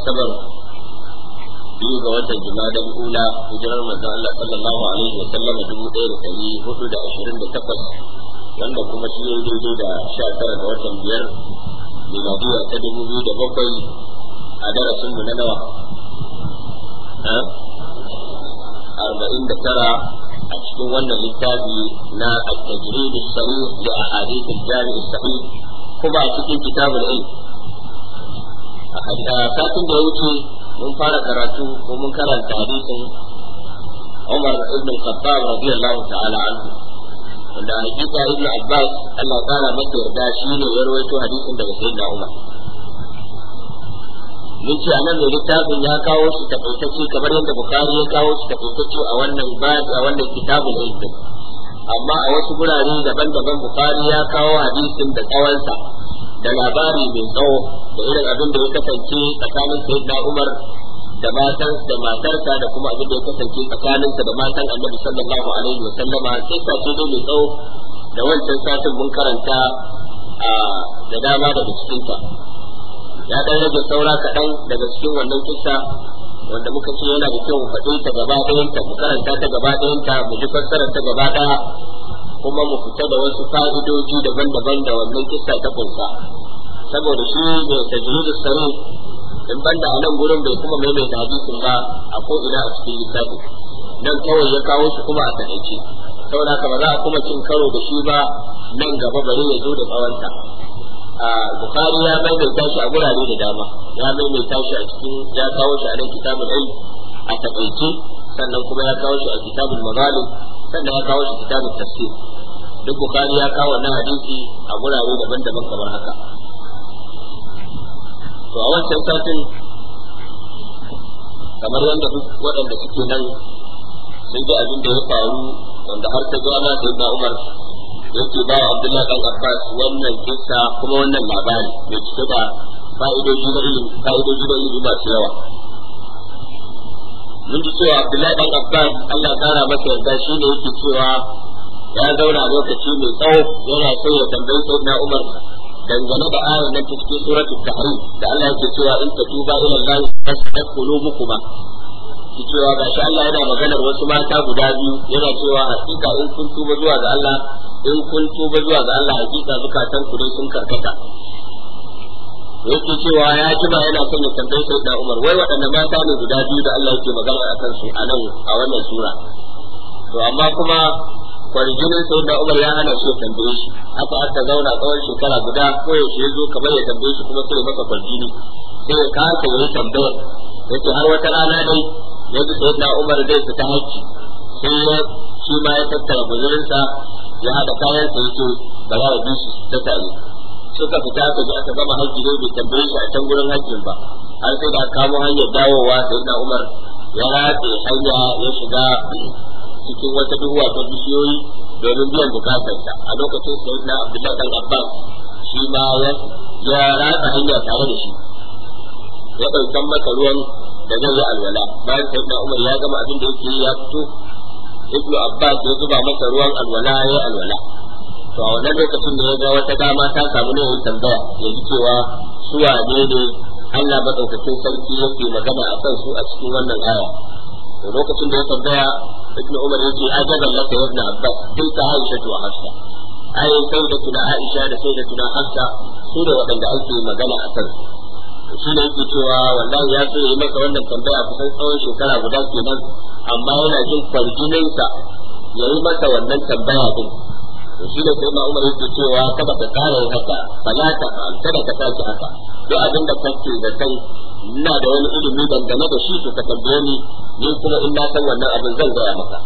asabar biyu ga watan jumadan ula hijirar manzon Allah sallallahu alaihi wa sallam dubu ɗaya da ɗari hudu da ashirin da takwas wanda kuma shi ya daidai da sha tara ga watan biyar miladiya ta dubu biyu da bakwai a darasin mu na nawa arba'in da tara a cikin wannan littafi na at-tajrid as-sahih li ahadith al-jami' as-sahih kuma a cikin kitabul ilm a satin da ya wuce mun fara karatu ko mun karanta hadisin Umar ibn Khattab radiyallahu ta'ala anhu wanda hakika ibn Abbas Allah kara masa yarda shi ne ya rawaito hadisin daga sayyidina Umar mun ce anan ne littafin ya kawo shi ta takaitacce kamar yadda Bukhari ya kawo shi ta takaitacce a wannan bab a wannan kitabul ilm amma a wasu gurare daban-daban Bukhari ya kawo hadisin da tsawonsa da labari mai tsawo da irin abin da ya kasance tsakanin da Umar da matan da matarsa da kuma abin da ya kasance tsakaninsa da matan Annabi sallallahu alaihi wa sallama sai ka ce mai tsawo da wancan satin mun karanta da dama daga ta ya dan rage saura kaɗan daga cikin wannan kissa wanda muka ce yana da kyau mu faɗi ta gaba mu karanta ta gaba ta mu ji fassarar ta gaba ɗaya kuma mu fita da wasu fa'idoji daban-daban da wannan kissa ta kunsa saboda shi ne ta da sare in banda a nan gurin bai kuma mai da hadisin ba a ko ina a cikin littafi nan kawai ya kawo shi kuma a takaice saboda haka ba za a kuma cin karo da shi ba nan gaba bari ya zo da tsawonta Bukhari ya maimaita shi a gurare da dama ya maimaita shi a cikin ya kawo shi a nan kitabul ilm a takaice sannan kuma ya kawo shi a kitabul mazalim sannan ya kawo shi kitabun tafsir duk bukari ya kawo wannan hadisi a gurare daban-daban kamar haka to a wancan satin kamar wanda waɗanda suke nan sun ji abin da ya faru wanda har ta zuwa na sayyidina Umar yake ba Abdullahi dan Abbas wannan kissa kuma wannan labari mai cike da fa'idoji da ilimi fa'idoji da ilimi masu yawa mun ji cewa Abdullahi dan Abbas Allah kara masa yarda shi ne yake cewa ya zauna lokaci mai tsawo yana so ya tambayi na Umar dangane da ayar nan ta cikin suratul tahrim da Allah yake cewa in tuba ila Allah tasdaq qulubukuma cewa gashi Allah yana maganar wasu mata guda biyu yana cewa hakika in kun tuba zuwa ga Allah in kun tuba zuwa ga Allah hakika zukatan ku sun karkata yake cewa ya ji ba yana son ya tambaye sai da Umar wai waɗanne mata ne guda biyu da Allah yake magana a kansu a nan a wannan sura to amma kuma kwarjinin sai da Umar ya hana shi ya tambaye shi haka aka zauna tsawon shekara guda ko ya shi zo kamar ya tambaye shi kuma sai masa kwarjini sai ya kasa tambayar yace har wata rana dai ya sai da Umar zai fita hajji sai ya shi ma ya tattara guzurinsa ya haɗa kayan sa yake ba za bi shi ta tare suka fita ka je aka gama hajji ne bai tambaye shi a can gurin hajjin ba har sai da kamo hanyar dawowa sai na Umar ya rataye hanya ya shiga cikin wata duhuwa ta bishiyoyi domin biyan bukatarsa a lokacin sai na Abdullahi dan Abbas shi ma ya ratsa hanya tare da shi ya ɗaukan masa ruwan da zai yi alwala bayan sai na Umar ya gama abin da yake ya fito Ibnu Abbas ya zuba masa ruwan alwala ya alwala to a wannan lokacin da ya ga wata dama ta samu ne tambaya ya ji cewa su wane ne Allah madaukakin sarki yake magana a kan su a cikin wannan aya to lokacin da ya tambaya ibnu umar yace ajaban laka ya ibn abbas tilka aisha wa hafsa ai sai da tuna aisha da sai da tuna hafsa su da waɗanda ake magana a kan shi ne yake cewa wallahi ya so yi maka wannan tambaya kusan tsawon shekara guda kenan amma yana jin kwarjininsa ya yi masa wannan tambaya din to shi ne sai Umar yake cewa kada ka kare haka fala ta fa'al kada ka saki haka duk abin da kake da kai ina da wani ilimi dangane da shi to ka tambaye ni ni kuma in na san wannan abin zan gaya maka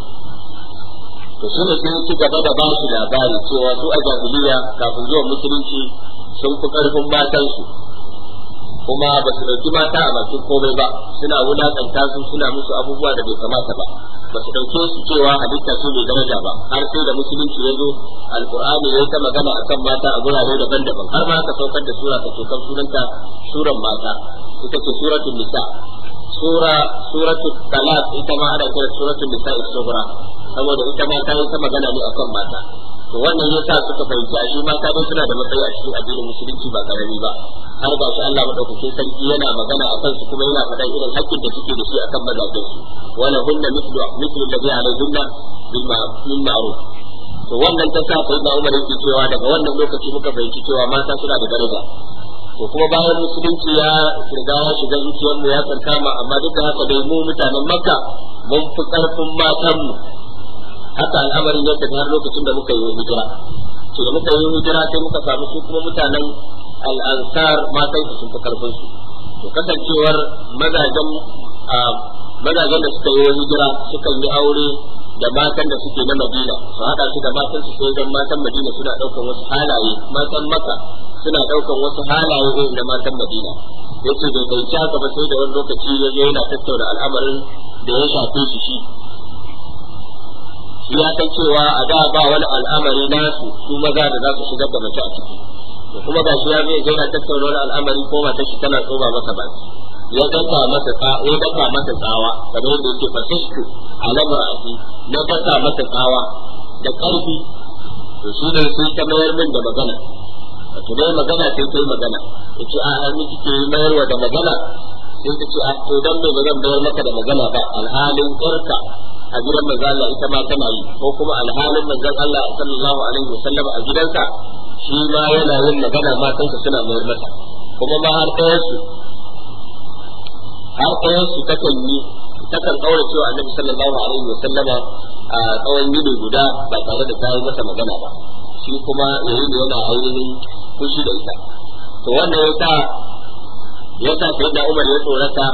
to shi ne sai ci gaba da ba su labari cewa su a jahiliya kafin zuwa musulunci sun fi karfin matansu kuma ba su ɗauki mata a bakin komai ba suna wulaƙanta su suna musu abubuwa da bai kamata ba ba su ɗauke su cewa halitta su mai daraja ba har sai da musulunci ya zo alƙur'ani ya ta magana akan mata a gurare daban-daban har ma ka saukar da sura ka tokan sunanta suran mata ita ce suratul nisa sura suratul talaq ita ma ana kira suratul nisa as saboda ita ma ta yi ta magana ne akan mata to wannan sa suka fahimci a ma ka suna da matsayi a cikin addinin musulunci ba karami ba har ba shi Allah madaukakin sarki yana magana a su kuma yana faɗa irin haƙƙin da suke da shi akan mazajen su wala hunna mithlu mithlu alladhi alayhinna bil ma'ruf to wannan ta sa sai Umar yake cewa daga wannan lokaci muka fahimci cewa mata suna da daraja to kuma bayan musulunci ya shiga ya shiga zuciyarmu ya tsarkama amma duk da haka dai mu mutanen Makka mun fi ƙarfin matanmu haka al'amarin ya tafi har lokacin da muka yi hijira to da muka yi hijira sai muka samu su kuma mutanen al'ansar matan su sun fi karfin su to kasancewar mazajen mazajen da suka yi hijira sukan yi aure da matan da suke na Madina su haɗa su da matan su sai dan matan Madina suna ɗaukan wasu halaye matan Makka suna ɗaukan wasu halaye irin na matan Madina yace bai kai haka ba sai da wani lokaci ya yana tattauna al'amarin da ya shafe shi shi ya san cewa a da ba wani al'amari na su maza da za su shigar da mace a ciki da kuma ba shi ya zai je na tattauna wani al'amari ko mata shi tana tsoma masa ba ya daka masa ya daka masa tsawa kamar yadda yake fasishku alamar na daka masa tsawa da ƙarfi to shi ne sun ta mayar min da magana wato dai magana sai kai magana yace a a miki ke mayarwa da magana sai ta ce a to dan me ba zan bayar maka da magana ba alhalin ƙarka a gidan manzo Allah ita ma tana yi ko kuma alhalin manzon Allah sallallahu alaihi wasallam a gidansa shi ma yana yin magana matansa suna mayar kuma ma har ɗayan su har ɗayan su takan yi takan ɗaura cewa annabi sallallahu alaihi wasallam a tsawon gido guda ba tare da ta yi masa magana ba shi kuma yayin da yana ainihin fushi da ita to wannan ya sa ya sa sai da Umar ya tsorata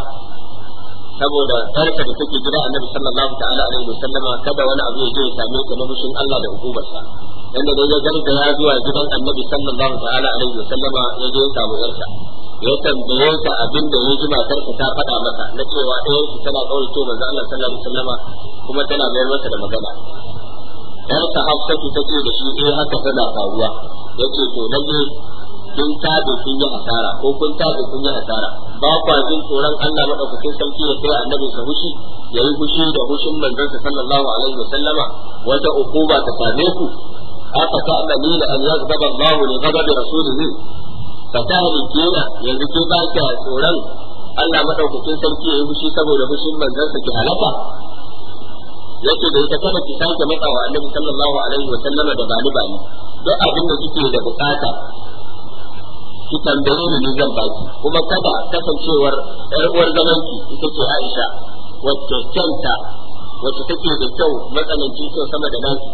saboda tsarka da take gida annabi sallallahu ta'ala alaihi wa sallama kada wani abu ya je ya same ka na mushin Allah da hukumarsa inda dai ya garga ya zuwa gidan annabi sallallahu ta'ala alaihi wa sallama ya je ya samu yarsa ya tambaye ta abin da ya ji matarsa ta faɗa masa na cewa ɗayan eh, su tana kawai to manzo Allah sallallahu alaihi wa sallama kuma tana mayar masa da magana yarsa hafsatu take da shi eh haka tana faruwa yace to lalle sun tabe kun yi asara ko kun tabe kun yi asara ba kwa jin tsoron Allah madaukakin sarki ya kai annabi sa hushi yayi hushi da hushin manzon sa sallallahu alaihi wa sallama wata ukuba ta same ku aka annabi da an yaghzaba Allah li da rasulihi ta tahli kina yanzu ke ba ki tsoron Allah madaukakin sarki ya yi hushi saboda hushin manzon sa ki halaka yake da ita kada ki sake matsawa annabi sallallahu alaihi wa sallama da bani bani duk abin da kike da bukata ki tambaye ni ni zan baki kuma kada kasancewar yar uwar zamanki ita ce Aisha wacce kanta wacce take da kyau matsananci so sama da naki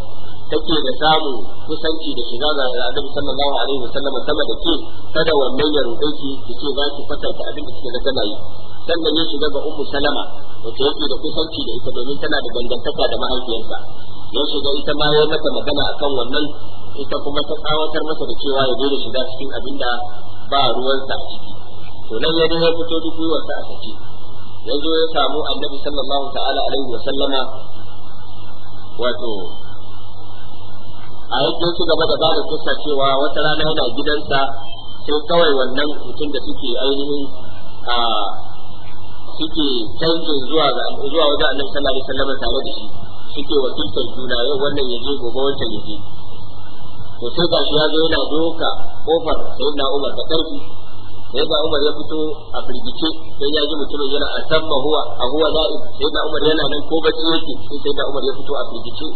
take da samun kusanci da shiga ga Annabi sallallahu alaihi wasallam sama da ke kada wannan ya roƙe ki ki ce za ki fatanta abin da kike ga tana yi sannan ya shiga ga Ummu Salama wacce yake da kusanci da ita domin tana da dangantaka da mahaifiyarsa ya shiga ita ma ya mata magana akan wannan ita kuma ta tsawatar masa da cewa ya daina shiga cikin abin da ba ruwansa a ciki to nan ya ya fito duk gwiwarsa a saki ya zo ya samu annabi sallallahu ta'ala alaihi wa sallama wato a yadda su gaba da bada kusa cewa wata rana yana gidansa sai kawai wannan mutum da suke ainihin a suke canjin zuwa ga zuwa wajen annabi sallallahu alaihi wa sallama tare da shi suke wakiltar juna yau wannan ya je gobe wancan ya je to sai shi ya zo yana doka kofar na Umar da karfi ga Umar ya fito a firgice sai ya ji mutumin yana a tabba huwa a huwa na'ib ga Umar yana nan ko bacci yake sai ga Umar ya fito a firgice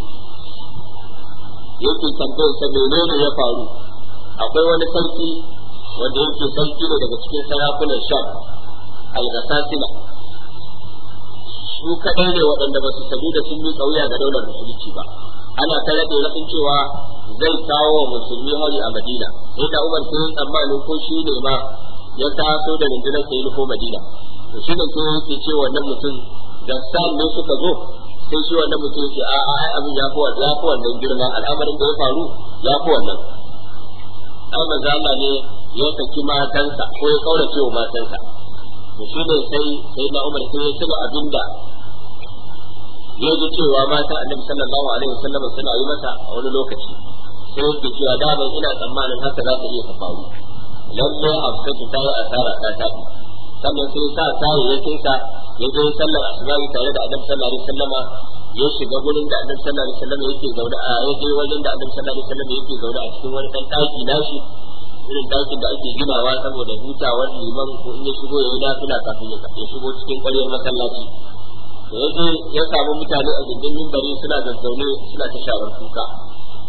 yake tambayar sa menene ya faru akwai wani sarki wanda yake sarki ne daga cikin sarakunan Sham al-Ghasasila su kadai ne waɗanda ba su sabu da sun miƙa wuya ga daular musulunci ba ana ta raɗe raɗin cewa zai kawo wa musulmi hari a madina sai da umar sai tsammanin ko shi ne ma ya taso da rundunar sai ko madina to shi ne sai yake ce wannan mutum da sam ne suka zo sai shi wannan mutum yake a a abin ya fi ya fi wannan girma al'amarin da ya faru ya fi wannan an manzala ne ya saki matansa ko ya kaurace wa matansa to shi ne sai sai na umar sai ya shiga abinda ya ji cewa mata annabi sallallahu alaihi wasallam suna yi masa a wani lokaci sai yake cewa da ban ina tsammanin haka za ta iya ta faru lallai hafsatu ta yi asara ta tafi sannan sai sa kayayyakin sa ya je sallar asubahi tare da annabi sallallahu alaihi wasallama ya shiga gurin da annabi sallallahu alaihi wasallama yake zaune a ya je wajen da annabi sallallahu alaihi wasallama yake zaune a cikin wani dan daki nashi irin dakin da ake ginawa saboda hutawar liman ko in ya shigo ya yi suna kafin ya shigo cikin ƙwaryar masallaci da ya je ya samu mutane a gindin mimbari suna zazzaune suna ta shawar kuka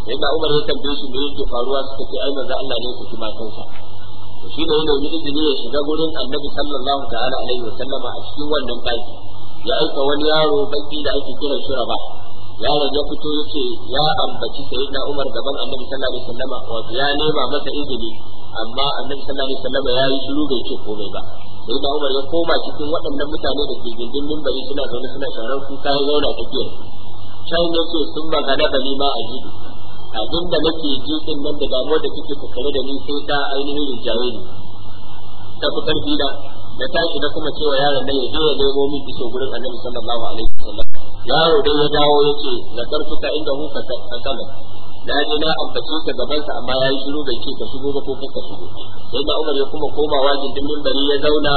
sai Umar ya tambaye shi me yake faruwa suka ce ai manzo Allah ne ya saki matansa to shi da yana yin izini ya shiga gurin Annabi sallallahu ta'ala alaihi wa sallama a cikin wannan baki ya aika wani yaro baki da ake kira Shuraba yaron ya fito ya ce ya ambaci sayyidina Umar gaban Annabi sallallahu alaihi wa sallama wato ya nema masa izini amma Annabi sallallahu alaihi wa sallama ya yi shiru bai ce komai ba sai na Umar ya koma cikin waɗannan mutane da ke gindin minbari suna zaune suna sharar kuka ya zauna tafiyar can ya ce sun magana da ma a jibi abinda nake ji din nan da damuwa da kike tattare da ni sai ta ainihin rijaye ni ta fi karfi da da tashi na kuma cewa yaron nan ya je ya nemo min biso gurin annabi sallallahu alaihi wasallam yaro dai ya dawo yace zakartuka inda hu ka kama na ji na ambace ka gaban sa amma yayi shiru bai ce ka shigo ba ko ka shigo sai da Umar ya kuma komawa gindin minbari ya zauna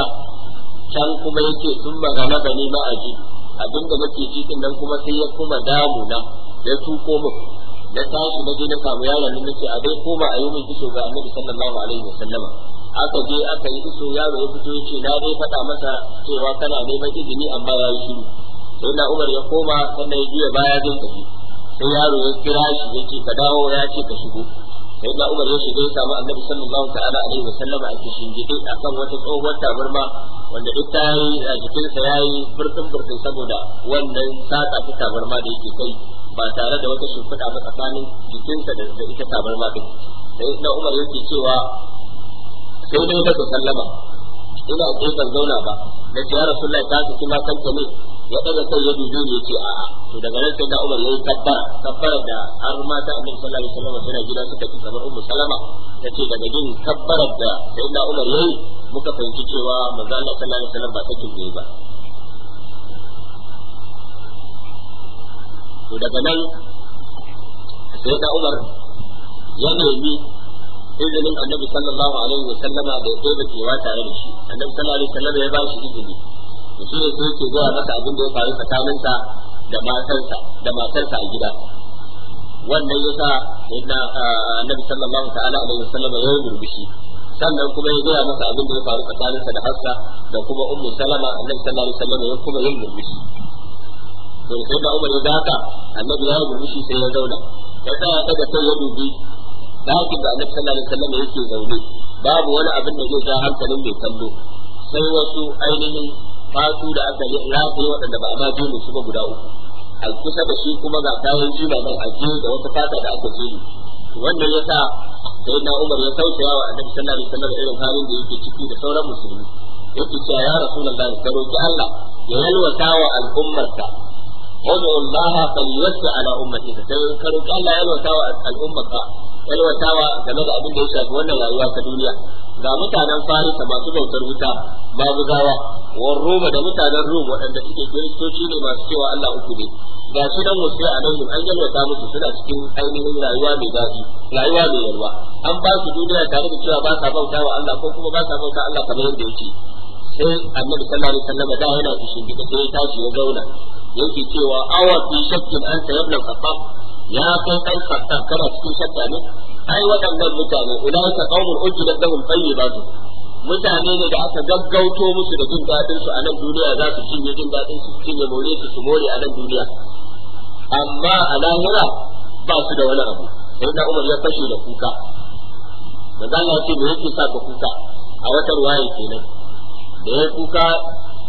can kuma yake sun magana bani ma aji abinda nake ji din nan kuma sai ya kuma damu na ya tuko min na tashi na je na samu yaron nan nace a dai koma a yi min kiso ga annabi sallallahu alaihi wasallam aka je aka yi iso yaro ya fito yace na dai faɗa masa cewa kana neman izini amma ya yi shiru sai na umar ya koma sannan ya juya baya zai tafi sai yaro ya kira shi yace ka dawo ya ce ka shigo sai na umar ya shiga ya samu annabi sallallahu ta'ala alaihi wasallam a kishin gidi akan wata tsohuwar tabarma wanda duk ta yi a jikinsa ya yi furtun furtun saboda wannan saka ta tabarma da yake kai ba tare da wata shimfiɗa ba tsakanin jikinsa da ita tabar ma din sai na Umar yake cewa sai dai ta sallama ina ko ban zauna ba da ya Rasulullah ta kuma kima kanta ne ya daga kai ya dubi ne ce a to daga nan sai na Umar yayi kabbara kabbara da har mata Annabi sallallahu alaihi wasallam suna gida suka ci kamar Ummu Salama ce daga jin kabbarar da sai na Umar yayi muka fahimci cewa manzo Allah sallallahu alaihi wasallam ba take ne ba to daga nan sai da Umar ya nemi izinin Annabi sallallahu alaihi wa sallama da ya da cewa tare da shi Annabi sallallahu alaihi wa sallama ya ba shi izini to shi ne sai ke zuwa masa abin da ya faru sa da matarsa da matarsa a gida wannan ya sa inna Annabi sallallahu ta'ala alaihi wa sallama ya murmushi sannan kuma ya gaya masa abin da ya faru sa da Hafsa da kuma Ummu Salama Annabi sallallahu alaihi wa sallama ya kuma yin murmushi to sai da Umar ya haka annabi ya shi sai ya zauna ya tsaya daga sai ya dubi dakin da annabi sallallahu alaihi wasallam yake zaune babu wani abin da zai ga hankalin mai kallo sai wasu ainihin fatu da aka yi rafi waɗanda ba a ma jini su ba guda uku a kusa da shi kuma ga kayan jina nan a jini da wata fata da aka jini wannan ya sa sai na umar ya tausaya wa annabi sallallahu alaihi wasallam irin halin da yake ciki da sauran musulmi yake cewa ya rasulullahi ka roki Allah ya yalwata wa al'ummarka ادعو الله فليوسع على امتك sai ka roki Allah ya yalwata wa al'ummarka yalwata wa game da abin da ya shafi wannan rayuwa ta duniya ga mutanen Farisa masu bautar wuta babu gawa war Roma da mutanen Rum waɗanda suke kiristoci ne masu cewa Allah uku ne ga shi nan wasu a nan an yalwata musu suna cikin ainihin rayuwa mai daɗi rayuwa mai yalwa an ba su duniya tare da cewa ba sa bauta wa Allah ko kuma ba sa bauta Allah kamar yadda yake sai annabi sallallahu alaihi wasallam da yana shi gida sai ya tashi ya zauna yake cewa awa fi shakkin an sa ibn khattab ya kai dan khattab kana cikin shakka ne ai waɗannan mutane ulaika qaumul ujjilat lahum tayyibatu mutane ne da aka gaggauto musu da jin daɗin su a nan duniya za su cinye jin daɗin su cinye more su su more a nan duniya amma a lahira ba su da wani abu sai da Umar ya fashe da kuka manzo Allah ya ce me yake sa ka kuka a wata ruwaya kenan da ya kuka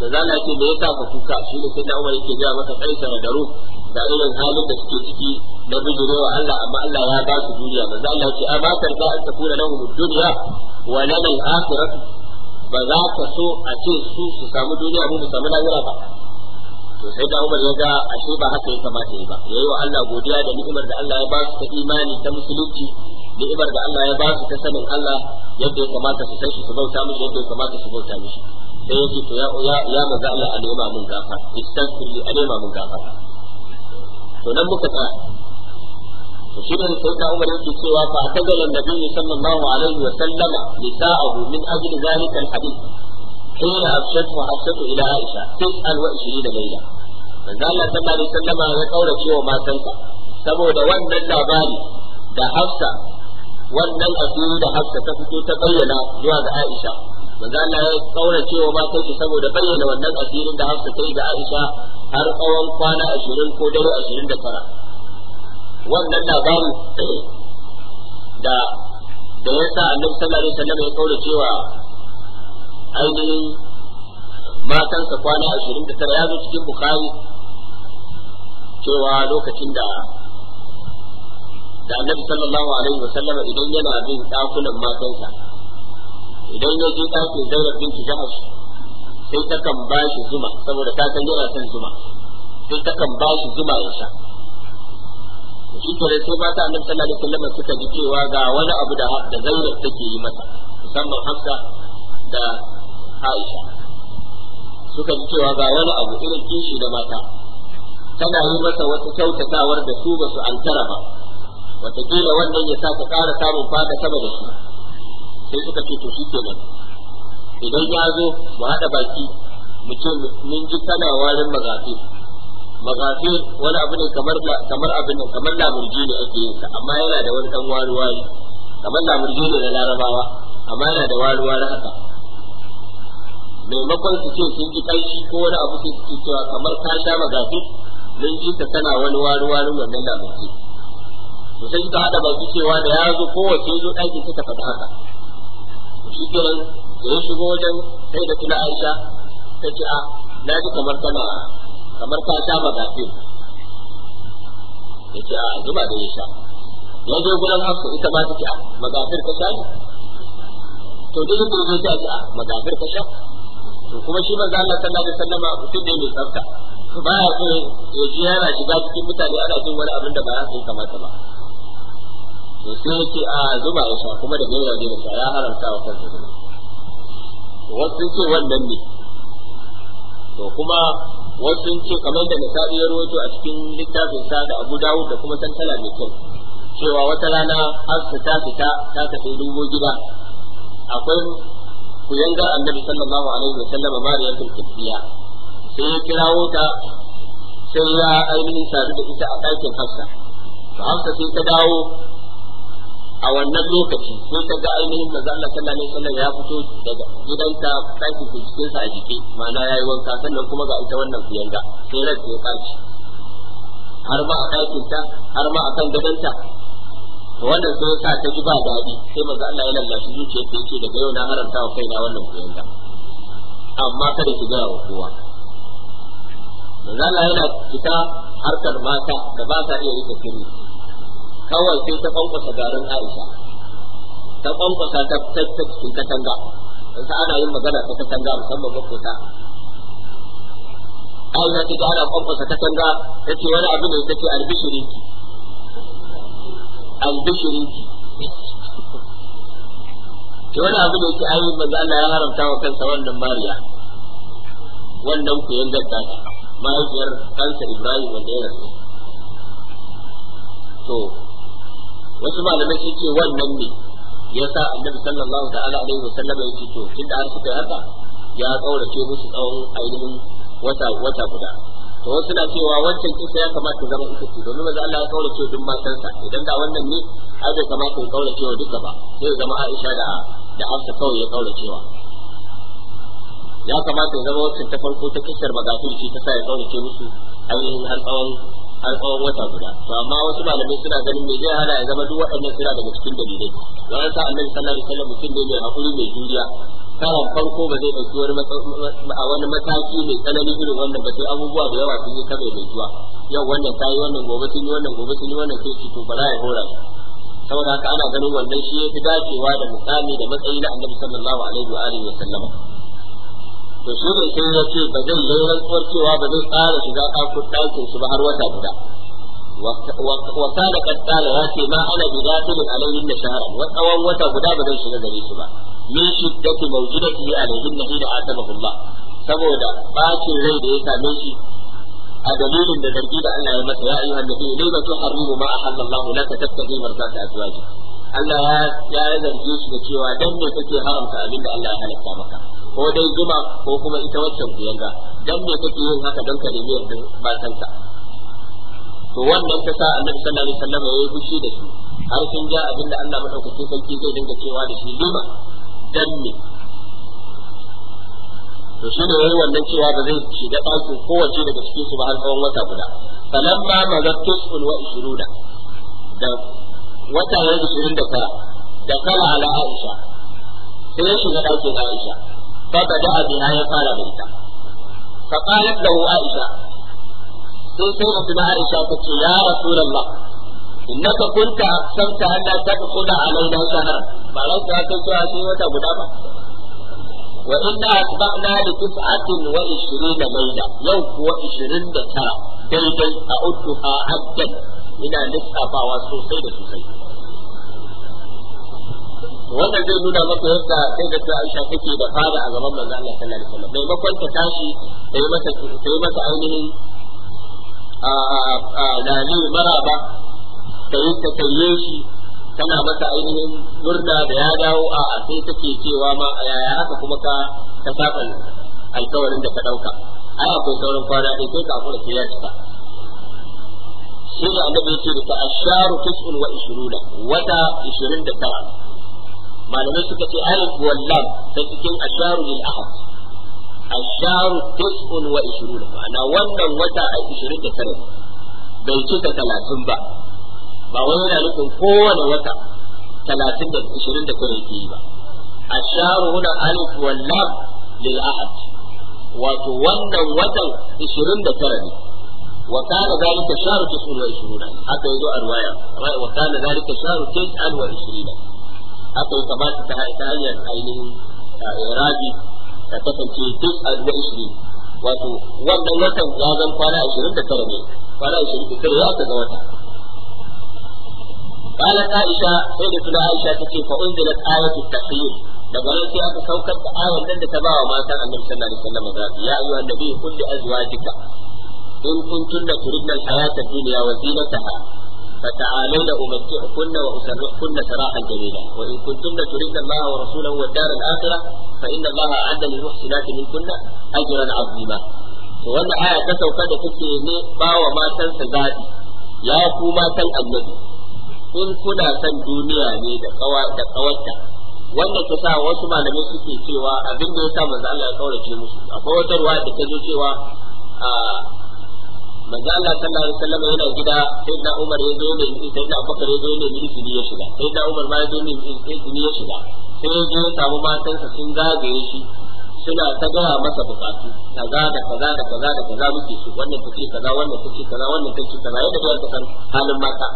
da zana ce da ya sa ka kuka shi da sai Umar yake jiya maka kaisa da daru da irin halin da suke ciki na wa Allah amma Allah ya ba su duniya za Allah ce a ba ka da an tafi da lahum duniya wa lana al ba za ka so a ce su su samu duniya mu su samu lahira ba to sai da Umar ya ga ashe ba haka ya kamata yi ba yayi wa Allah godiya da ni'imar da Allah ya ba su ta imani ta musulunci ni'imar da Allah ya ba su ta sanin Allah yadda ya kamata su san shi su bauta mishi yadda ya kamata su bauta mishi sai yake to ya ya ya manzo Allah a nema mun gafara istaghfir li a nema mun gafara to nan muka tsaya to shi ne sai da Umar yake cewa fa tagala nabiyyi sallallahu alaihi wa sallama nisa'ahu min ajli zalika alhadith حين da حفصة إلى عائشة تسعة وعشرين ليلة من ذا الله صلى الله عليه وسلم يقول شيء ما تنسى سمو دا وان دا بالي دا حفصة وان الأسير manzo Allah ya kaura cewa ba kai saboda bayyana wannan asirin da Hafsa ta yi ga Aisha har tsawon kwana 20 ko dare 29 wannan ba da da ya sa annabi sallallahu alaihi wasallam ya kaura cewa ainihin matansa kwana 29 ya zo cikin Bukhari cewa lokacin da da annabi sallallahu alaihi wasallam idan yana bin dakunan matansa idan ya je ɗakin zaira binti jahash sai ta kan ba shi zuma saboda ta san yana son zuma sai ta kan ba shi zuma ya sha shi ke da sai mata annabi sallallahu alaihi wasallam suka ji cewa ga wani abu da da zainab take yi masa musamman hafsa da aisha suka ji cewa ga wani abu irin kishi da mata tana yi masa wata kyautatawar da su ba su antara ba wataƙila wannan ya sa ta ƙara samun fada sama da shi sai suka ce to shikenan idan ya zo mu haɗa baki mu ce mun ji kana warin magafi magafi wani abu ne kamar kamar ne kamar lamurji ne ake yin sa amma yana da wani kan wari wari kamar lamurji ne na larabawa amma yana da wari wari haka maimakon su ce sun ji kanshi ko wani abu sai suke cewa kamar ka sha magafi mun ji ka kana wani wari wari wannan lamurji to sai suka haɗa baki cewa da ya zo kowace zo ɗakin suka faɗi haka shi kenan da ya shigo wajen sai da tuna aisha ta ce a ah, na ji kamar kana kamar ka sha magafin ta ce a ah, zuma da ya sha ya je gudan hafsa ita ba ta ce a ah, magafin ka sha ne to duk da zai ta ce a magafin ka sha to kuma shi manzo Allah sallallahu alaihi wasallam mutum ne mai tsafta ba ya so ya ji yana shiga cikin mutane ana jin wani abin da ba ya kamata ba to sai ce a zuba ya sha kuma da gaya da sha ya haramta wa kansa zuba wasu ce wannan ne to kuma wasu ce kamar da misali ya rawaito a cikin littafin sa da Abu Dawud da kuma tantala mai kyau cewa wata rana Hafsa ta fita ta tafi dubo gida akwai kuyanga annabi sallallahu alaihi wa sallam mariyatul kifiya sai ya kirawo ta sai ya ainihin sadu da ita a ɗakin Hafsa to Hafsa sai ta dawo a wannan lokaci sai ta ga ainihin da Allah sallallahu alaihi wasallam ya fito daga gidanta tsaki ke cikin sa a jiki ma'ana yayi wanka sannan kuma ga ita wannan kuyanga sai ran ya kaci har ma a kai ta har ma a kan gadanta wannan sai sa ta ji ba daɗi sai manzo Allah ya lallashi zuciyar ta ce daga yau na haranta wa kaina wannan kuyanga amma kada ki ga wa kowa manzo Allah yana fita harkar mata da ba sa iya rike sirri kawai sai ta kwankwasa garin Aisha ta kwankwasa ta ta cikin katanga ta ana yin magana ta katanga musamman makota Aisha ta ga ana kwankwasa katanga ta ce wani abu ne ta ce albishirinki albishirinki to wani abu ne yake ayi manzo Allah ya haramta wa kansa wannan mariya wannan ku yan gadda ta mahaifiyar kansa Ibrahim wanda ya rasu to wasu malamai sun ce wannan ne ya sa annabi sallallahu ta'ala alaihi wa sallam ya ce to tunda har suka haka ya kaurace musu tsawon ainihin wata wata guda to wasu na cewa wancan kisa ya kamata zama ita ce domin maza Allah ya kaurace duk matansa idan da wannan ne ai bai kamata ya kaurace wa duka ba sai zama Aisha da da Hafsa kawai ya kauracewa ya kamata ya zama wancan ta farko ta kisar magafirci ta sa ya kaurace musu ainihin har tsawon har tsawon wata guda to amma wasu malamai suna ganin me zai hana ya zama duk waɗannan suna daga cikin dalilai don haka annabi sallallahu alaihi wasallam mutum ne mai hakuri mai juriya karon farko ba zai ɗauki wani mataki mai tsanani irin wannan ba sai abubuwa da yawa sun yi ta mai zuwa yau wannan ta yi wannan gobe sun yi wannan gobe sun yi wannan sai ci to za a hora saboda haka ana ganin wannan shi ya fi dacewa da mukami da matsayi na annabi sallallahu alaihi wa alihi wa sallama to shi ne sai ya ce ba zai yi rantsuwar cewa ba zai tsara shiga ɗakin ɗakin shi ba har wata guda wa kana kad qala ya ce ma ana bi dakhilin alayhin shahran wa tsawon wata guda ba zai shiga gare shi ba min shiddati mawjudatihi alayhin hina atabahu Allah saboda bacin rai da ya same shi a dalilin da zargi da Allah ya masa ya ayyuha annabi lai ba tuharrimu ma ahalla Allah laka tabtaghi marzata azwaji Allah ya ya zarge shi da cewa dan ne kake haramta abin da Allah ya halatta maka ko dai zuma ko kuma ita waccan kuyanga dan me kake yin haka dan ka nemi yardan matanka to wannan ta sa annabi sallallahu alaihi wasallam ya yi fushi da shi, har sun ga abin da Allah madaukakin sarki zai dinga cewa da shi zuma dan me to shi ne yayi wannan cewa da zai shiga ɗakin kowace daga cikin su ba har tsawon wata guda falamma mazattus wa ishruda da wata ya ishirin da tara da kala ala aisha sai ya shiga ɗakin aisha فبدأ بها يقال بيتا فقالت له عائشة سيسير بن عائشة قلت يا رسول الله إنك كنت أقسمت أن لا تدخل علينا شهرا فليس أتيت هذه وتبدأ وإنا أسبقنا لتسعة وعشرين ليلة يوم وعشرين ترى ديدا أعدها عبدا إلى نسأة وسوسين سوسين wannan zai nuna maka yadda sai da Aisha take da fara a gaban manzo Allah sallallahu alaihi wasallam maimakon ta tashi ta yi masa ta yi masa ainihin a a lali maraba ta yi ta kalle shi tana masa ainihin murna da ya dawo a a sai take cewa ma a yaya haka kuma ka ka saba alkawarin da ka dauka ai akwai sauran kwana ɗaya sai ka kula sai ya cika sai da annabi ya ce da ta asharu tis'un wa ishruna wata ishirin da tara malamai suka ce alif wal ta cikin asharu lil ahad asharu tis'un wa ishrun ma'ana wannan wata a 29 bai cika talatin ba ba wani yana nufin kowane wata talatin da 29 yake yi ba asharu huna alif wal lil ahad wato wannan watan 29 ne وكان ذلك شهر تسع وعشرون حتى يدعو الرواية وكان ذلك شهر تسع وعشرين akwai kamata ta hanyar ainihin ah, irabi ta kasance duk a zuwa ishiri wannan watan ya kwana ashirin da tara kwana ashirin da tara ya aka zama ta kala aisha sai da suna aisha ta ce fa'un da na ayatu ta fiye daga nan sai aka saukar da ayon nan da ta ba wa matan annabi sallallahu alaihi wasallam da ya yi wa nabi kulli azwajika in kuntun da turin nan hayatar duniya wa zinataha فتعالينا أمتعكن وأسرحكن سراحا جميلا وإن كنتن تريد الله ورسوله والدار الآخرة فإن الله أعد للمحسنات منكن أجرا عظيما وأن آية تسوف تكفي ne ba wa matansa zaɓi ya ku matan النبي إن كنا son دنيا ميدا da kawarta wanda ta sa wasu malamai suke cewa abin da ya sa manzo Allah ya kaurace musu akwai wata ruwa da ta zo cewa manzo Allah sallallahu alaihi wasallam yana gida sai da Umar ya zo ne sai da Abubakar ya zo ne izini ya shiga sai da Umar ma ya zo ne izini ya shiga sai ya je samu matansa sun zagaye shi suna ta gaya masa bukatu kaza da kaza da kaza da kaza muke so wannan take kaza wannan take kaza wannan take kaza yadda ya ta san halin mata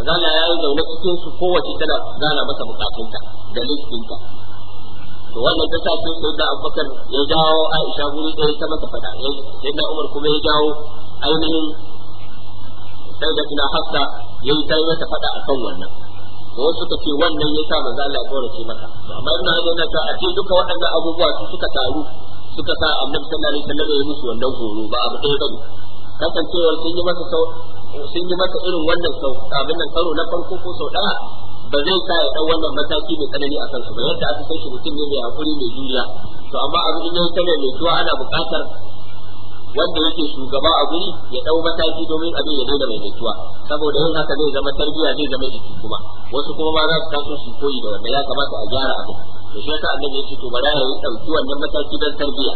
manzo Allah ya yi zaune cikin su kowace tana gana masa bukatunta da listinta to wannan ta sace sai da abubakar ya jawo aisha guri da ta masa fada sai da umar kuma ya jawo ainihin sai da tuna hafsa ya yi ta mata fada a kan wannan to wasu ka ce wannan ya sa manzo Allah ya kaurace mata to amma ina yana ta a ce duka waɗannan abubuwa su suka taru suka sa annabi sallallahu alaihi wasallam ya musu wannan horo ba abu ɗaya bane kasancewar sun yi masa sun yi masa irin wannan sau abin nan karo na farko ko sau ɗaya ba zai sa ya ɗau wannan mataki mai tsanani a kansu ba yadda aka san shi mutum ne mai hakuri mai juriya to amma a gudun yayi tsanani mai tuwa ana buƙatar wanda yake shugaba a guri ya dau mataki domin abin ya daina mai saboda yin haka zai zama tarbiyya zai zama jiki kuma wasu kuma ma za su taso su koyi da wanda ya kamata a gyara abin to shi yasa annabi yake to bara ya ɗauki wannan mataki dan tarbiyya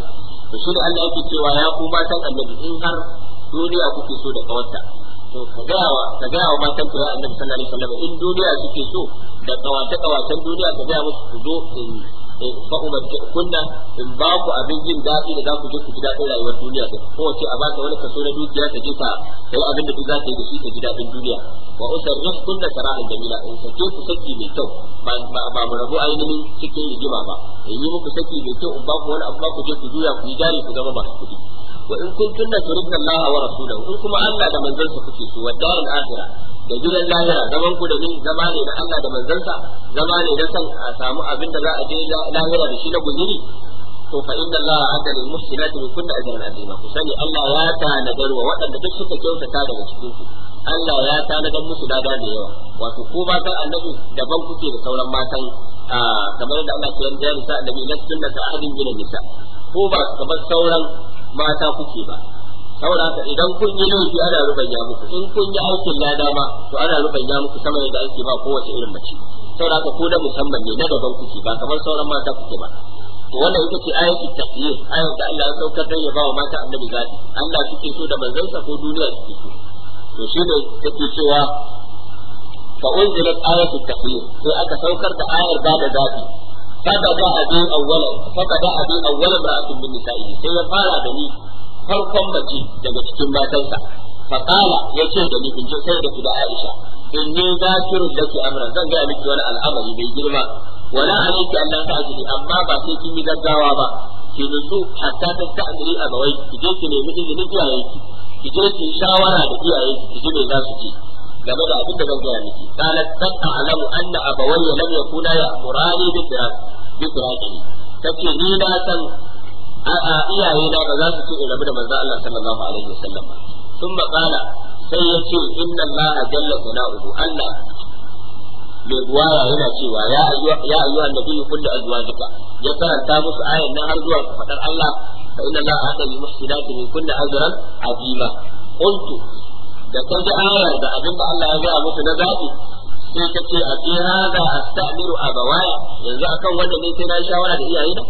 to shi da Allah yake cewa ya ku matan annabi in har duniya kuke so da kawarta to ka gawa ka gawa matan ku ya annabi sallallahu alaihi wasallam in duniya suke so da kawace kawacen duniya ka gaya musu ku zo fa umatti'kunna in ba ku abin jin daɗi da za ku je ku ji daɗin rayuwar duniya da wace a ba wani kaso na dukiya ta je ta kai abin da za ta yi da shi ka ji daɗin duniya wa usarrifkunna sara'an jamila in sake ku saki mai kyau ba mu rabu ainihin cikin rigima ba in yi muku saki mai kyau in ba ku wani abu ba ku je ku juya ku yi jari ku zama masu kuɗi wa in kuntunna turidna Allah wa rasulahu in kuma Allah da manzon sa kuke so wa darul akhirah da gidan lahira zaman ku da min zama ne da Allah da manzansa zama ne da san a samu abin da za a je lahira da shi na guziri to fa inna Allah ada lil muslimati min kulli ajrin azima ku sani Allah ya tanadar wa waɗanda duk suka kyautata daga cikin su Allah ya tanadar musu lada da yawa wato ko ba ka annabi daban kuke da sauran matan kamar da Allah ke da jarisa annabi lakin da ahadin bin nisa ko ba kamar sauran mata kuke ba saboda haka idan kun yi laifi ana rubanya muku in kun yi aikin lada ma to ana rubanya muku sama yadda ake ba kowace irin mace saboda haka ku da musamman ne na gaban kuke ba kamar sauran mata kuke ba to wannan ita ce ayatul taqyir ayat da Allah ya saukar dan ya ba wa mata annabi gadi Allah suke so da sa ko duniya suke so to shi ne take cewa fa unzilat ayatul taqyir sai aka saukar da ayar ba da gadi فبدأ بي أولا فبدأ بي أولا sai ya fara da ni farkon mace daga cikin matansa faqala yace da ni in sai da ku da Aisha inni ki laki amran zan ga miki wani al'amari bai girma wala alayki an la ta'jili amma ba sai kin yi gaggawa ba ki nusu hatta ta ta'miri a bawai ki je ki nemi ki iyayenki ki je ki shawara da iyaye ki ji me za su ce game da abin da zan gaya miki qalat qad a'lamu anna abawayya lam yakuna ya'murani bi firaq bi ta ce ni na san a'a iyaye na ba za su ce in rabu da manzo Allah sallallahu alaihi wasallam sun maƙala sai ya ce inna Allah jalla guna'uhu Allah mai buwaya yana cewa ya ayyuha annabiyyu kullu azwajika ya karanta musu ayan nan har zuwa fadar Allah fa inna Allah hada bi muhsinati min kulli ajran azima qultu da ta ji ayar da abin da Allah ya ga musu na zabi sai ta ce a fi da astamiru abawaya yanzu akan wanda ne sai na shawara da iyayena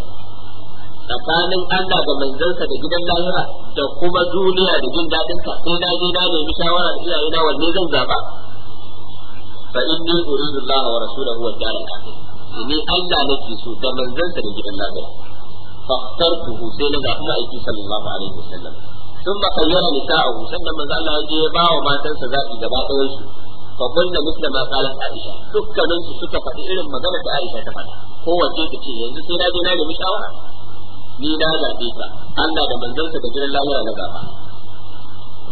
tsakanin Allah da manzansa da gidan lahira da kuma duniya da jin daɗin ka sai na je na nemi shawara da iyaye na wanne zan zaba fa inni uridu Allah wa rasulahu wa daral akhir ni Allah nake so da manzansa da gidan lahira fa tarkuhu sai na zaɓi aiki sallallahu alaihi wasallam sun ba kayyana nisa'ahu sannan manzo Allah ya je ya ba wa matansa zaɓi gaba ɗayan su fa kunna mithla ma qalat Aisha dukkanin su suka faɗi irin maganar da Aisha ta faɗa kowace ta ce yanzu sai na je na nemi shawara ni na zaɓe ka Allah da manzansa da jiran lahira na zaɓa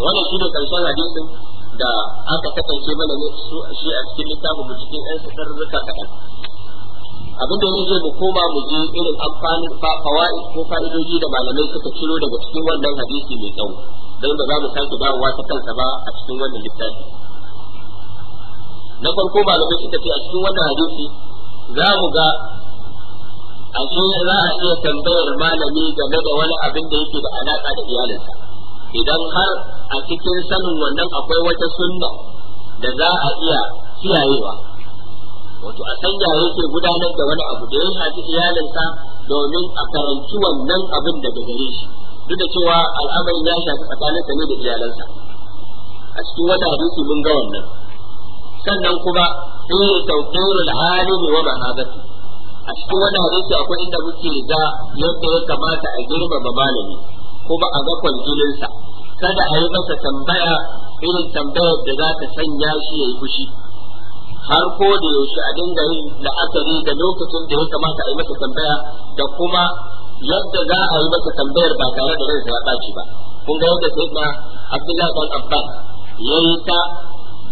wannan shi ne karshen hadisin da aka kasance mana ne su shi a cikin littafin mu cikin ɗan sassarurruka kaɗan abin da zai mu koma mu ji irin amfanin fawa'i ko fa'idoji da malamai suka ciro daga cikin wannan hadisi mai tsawo don ba za mu sake dawowa ta kansa ba a cikin wannan littafi na farko malamai suka ce a cikin wannan hadisi za mu ga a za a iya tambayar malami game da wani abin da yake da alaka da iyalinsa idan har a cikin sanin wannan akwai wata sunna da za a iya kiyayewa wato a san ya yake gudanar da wani abu da ya shafi iyalinsa domin a karanci wannan abin daga gare shi duk da cewa al'amarin ya shafi tsakaninsa ne da iyalansa a cikin wata hadisi mun ga wannan sannan kuma sai tawqirul halimi wa ma'azati a cikin wani hadisi akwai inda muke ga yadda ya kamata a girmama malami kuma a ga sa kada a yi masa tambaya irin tambayar da za ta sanya shi yayi yi fushi har ko da yaushe a dinga yin la'akari da lokacin da ya kamata a yi masa tambaya da kuma yadda za a yi masa tambayar ba tare da ransa ya ɓaci ba kun ga yadda sai na Abdullahi bin Abbas ya yi ta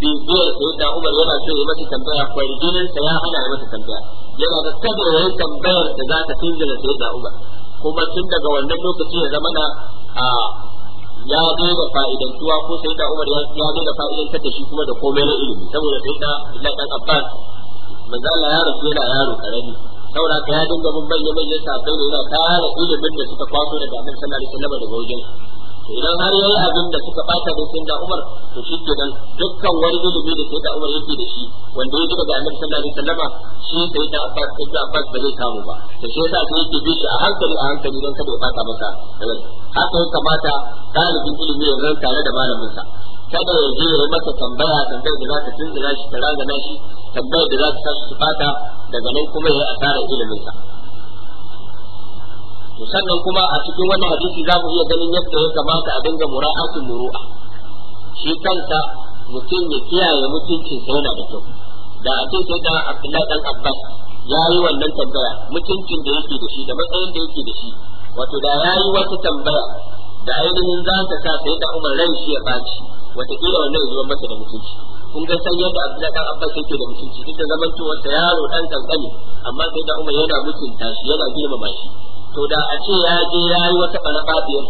bibiyar sai da Umar yana so ya yi masa tambaya kwarjinin sa ya hana masa tambaya yana da kada yayin tambayar da za ta tunzura sai da Umar kuma tun daga wannan lokaci ya zama na a ya fa'idan tuwa ko sai da Umar ya da fa'idan da shi kuma da komai na ilimi saboda sai da Allah dan Abbas manzo Allah ya rasu yana yaro karami saboda ka ya dinga bin bayyana manyan sahabbai ne yana tara ilimin da suka kwaso daga Annabi sallallahu alaihi wasallam daga wajen idan har yayi abin da suka bata da sun da Umar to shi kenan dukkan wani ilimi da sai da Umar yake da shi wanda yake daga Annabi sallallahu alaihi wasallama shi sai da Abbas sai da Abbas ba zai samu ba to shi yasa sai yake bi shi a hankali a hankali don kada ya bata masa haka ya kamata dalibin ilimi ya zan tare da malamin sa kada ya je ya masa tambaya tambayar da za ta tunzura shi ta ragana shi tambayar da za ta tashi su fata daga nan kuma ya asara ilimin sa to sannan kuma a cikin wannan hadisi za mu iya ganin yadda ya kamata a dinga mura'atu muru'a shi kansa mutum ya kiyaye sa yana da kyau da a ce sai da Abdullahi dan Abbas ya yi wannan tambaya mutuncin da yake da shi da matsayin da yake da shi wato da ya yi wata tambaya da ainihin za ta sa sai da Umar ran shi ya baci wataƙila wannan ya zo masa da mutunci kun ga san yadda Abdullahi dan Abbas yake da mutunci duk da zamantowarsa yaro dan kankani amma sai da Umar yana mutunta shi yana girmama shi to da a ce ya je ya yi wata balababiyar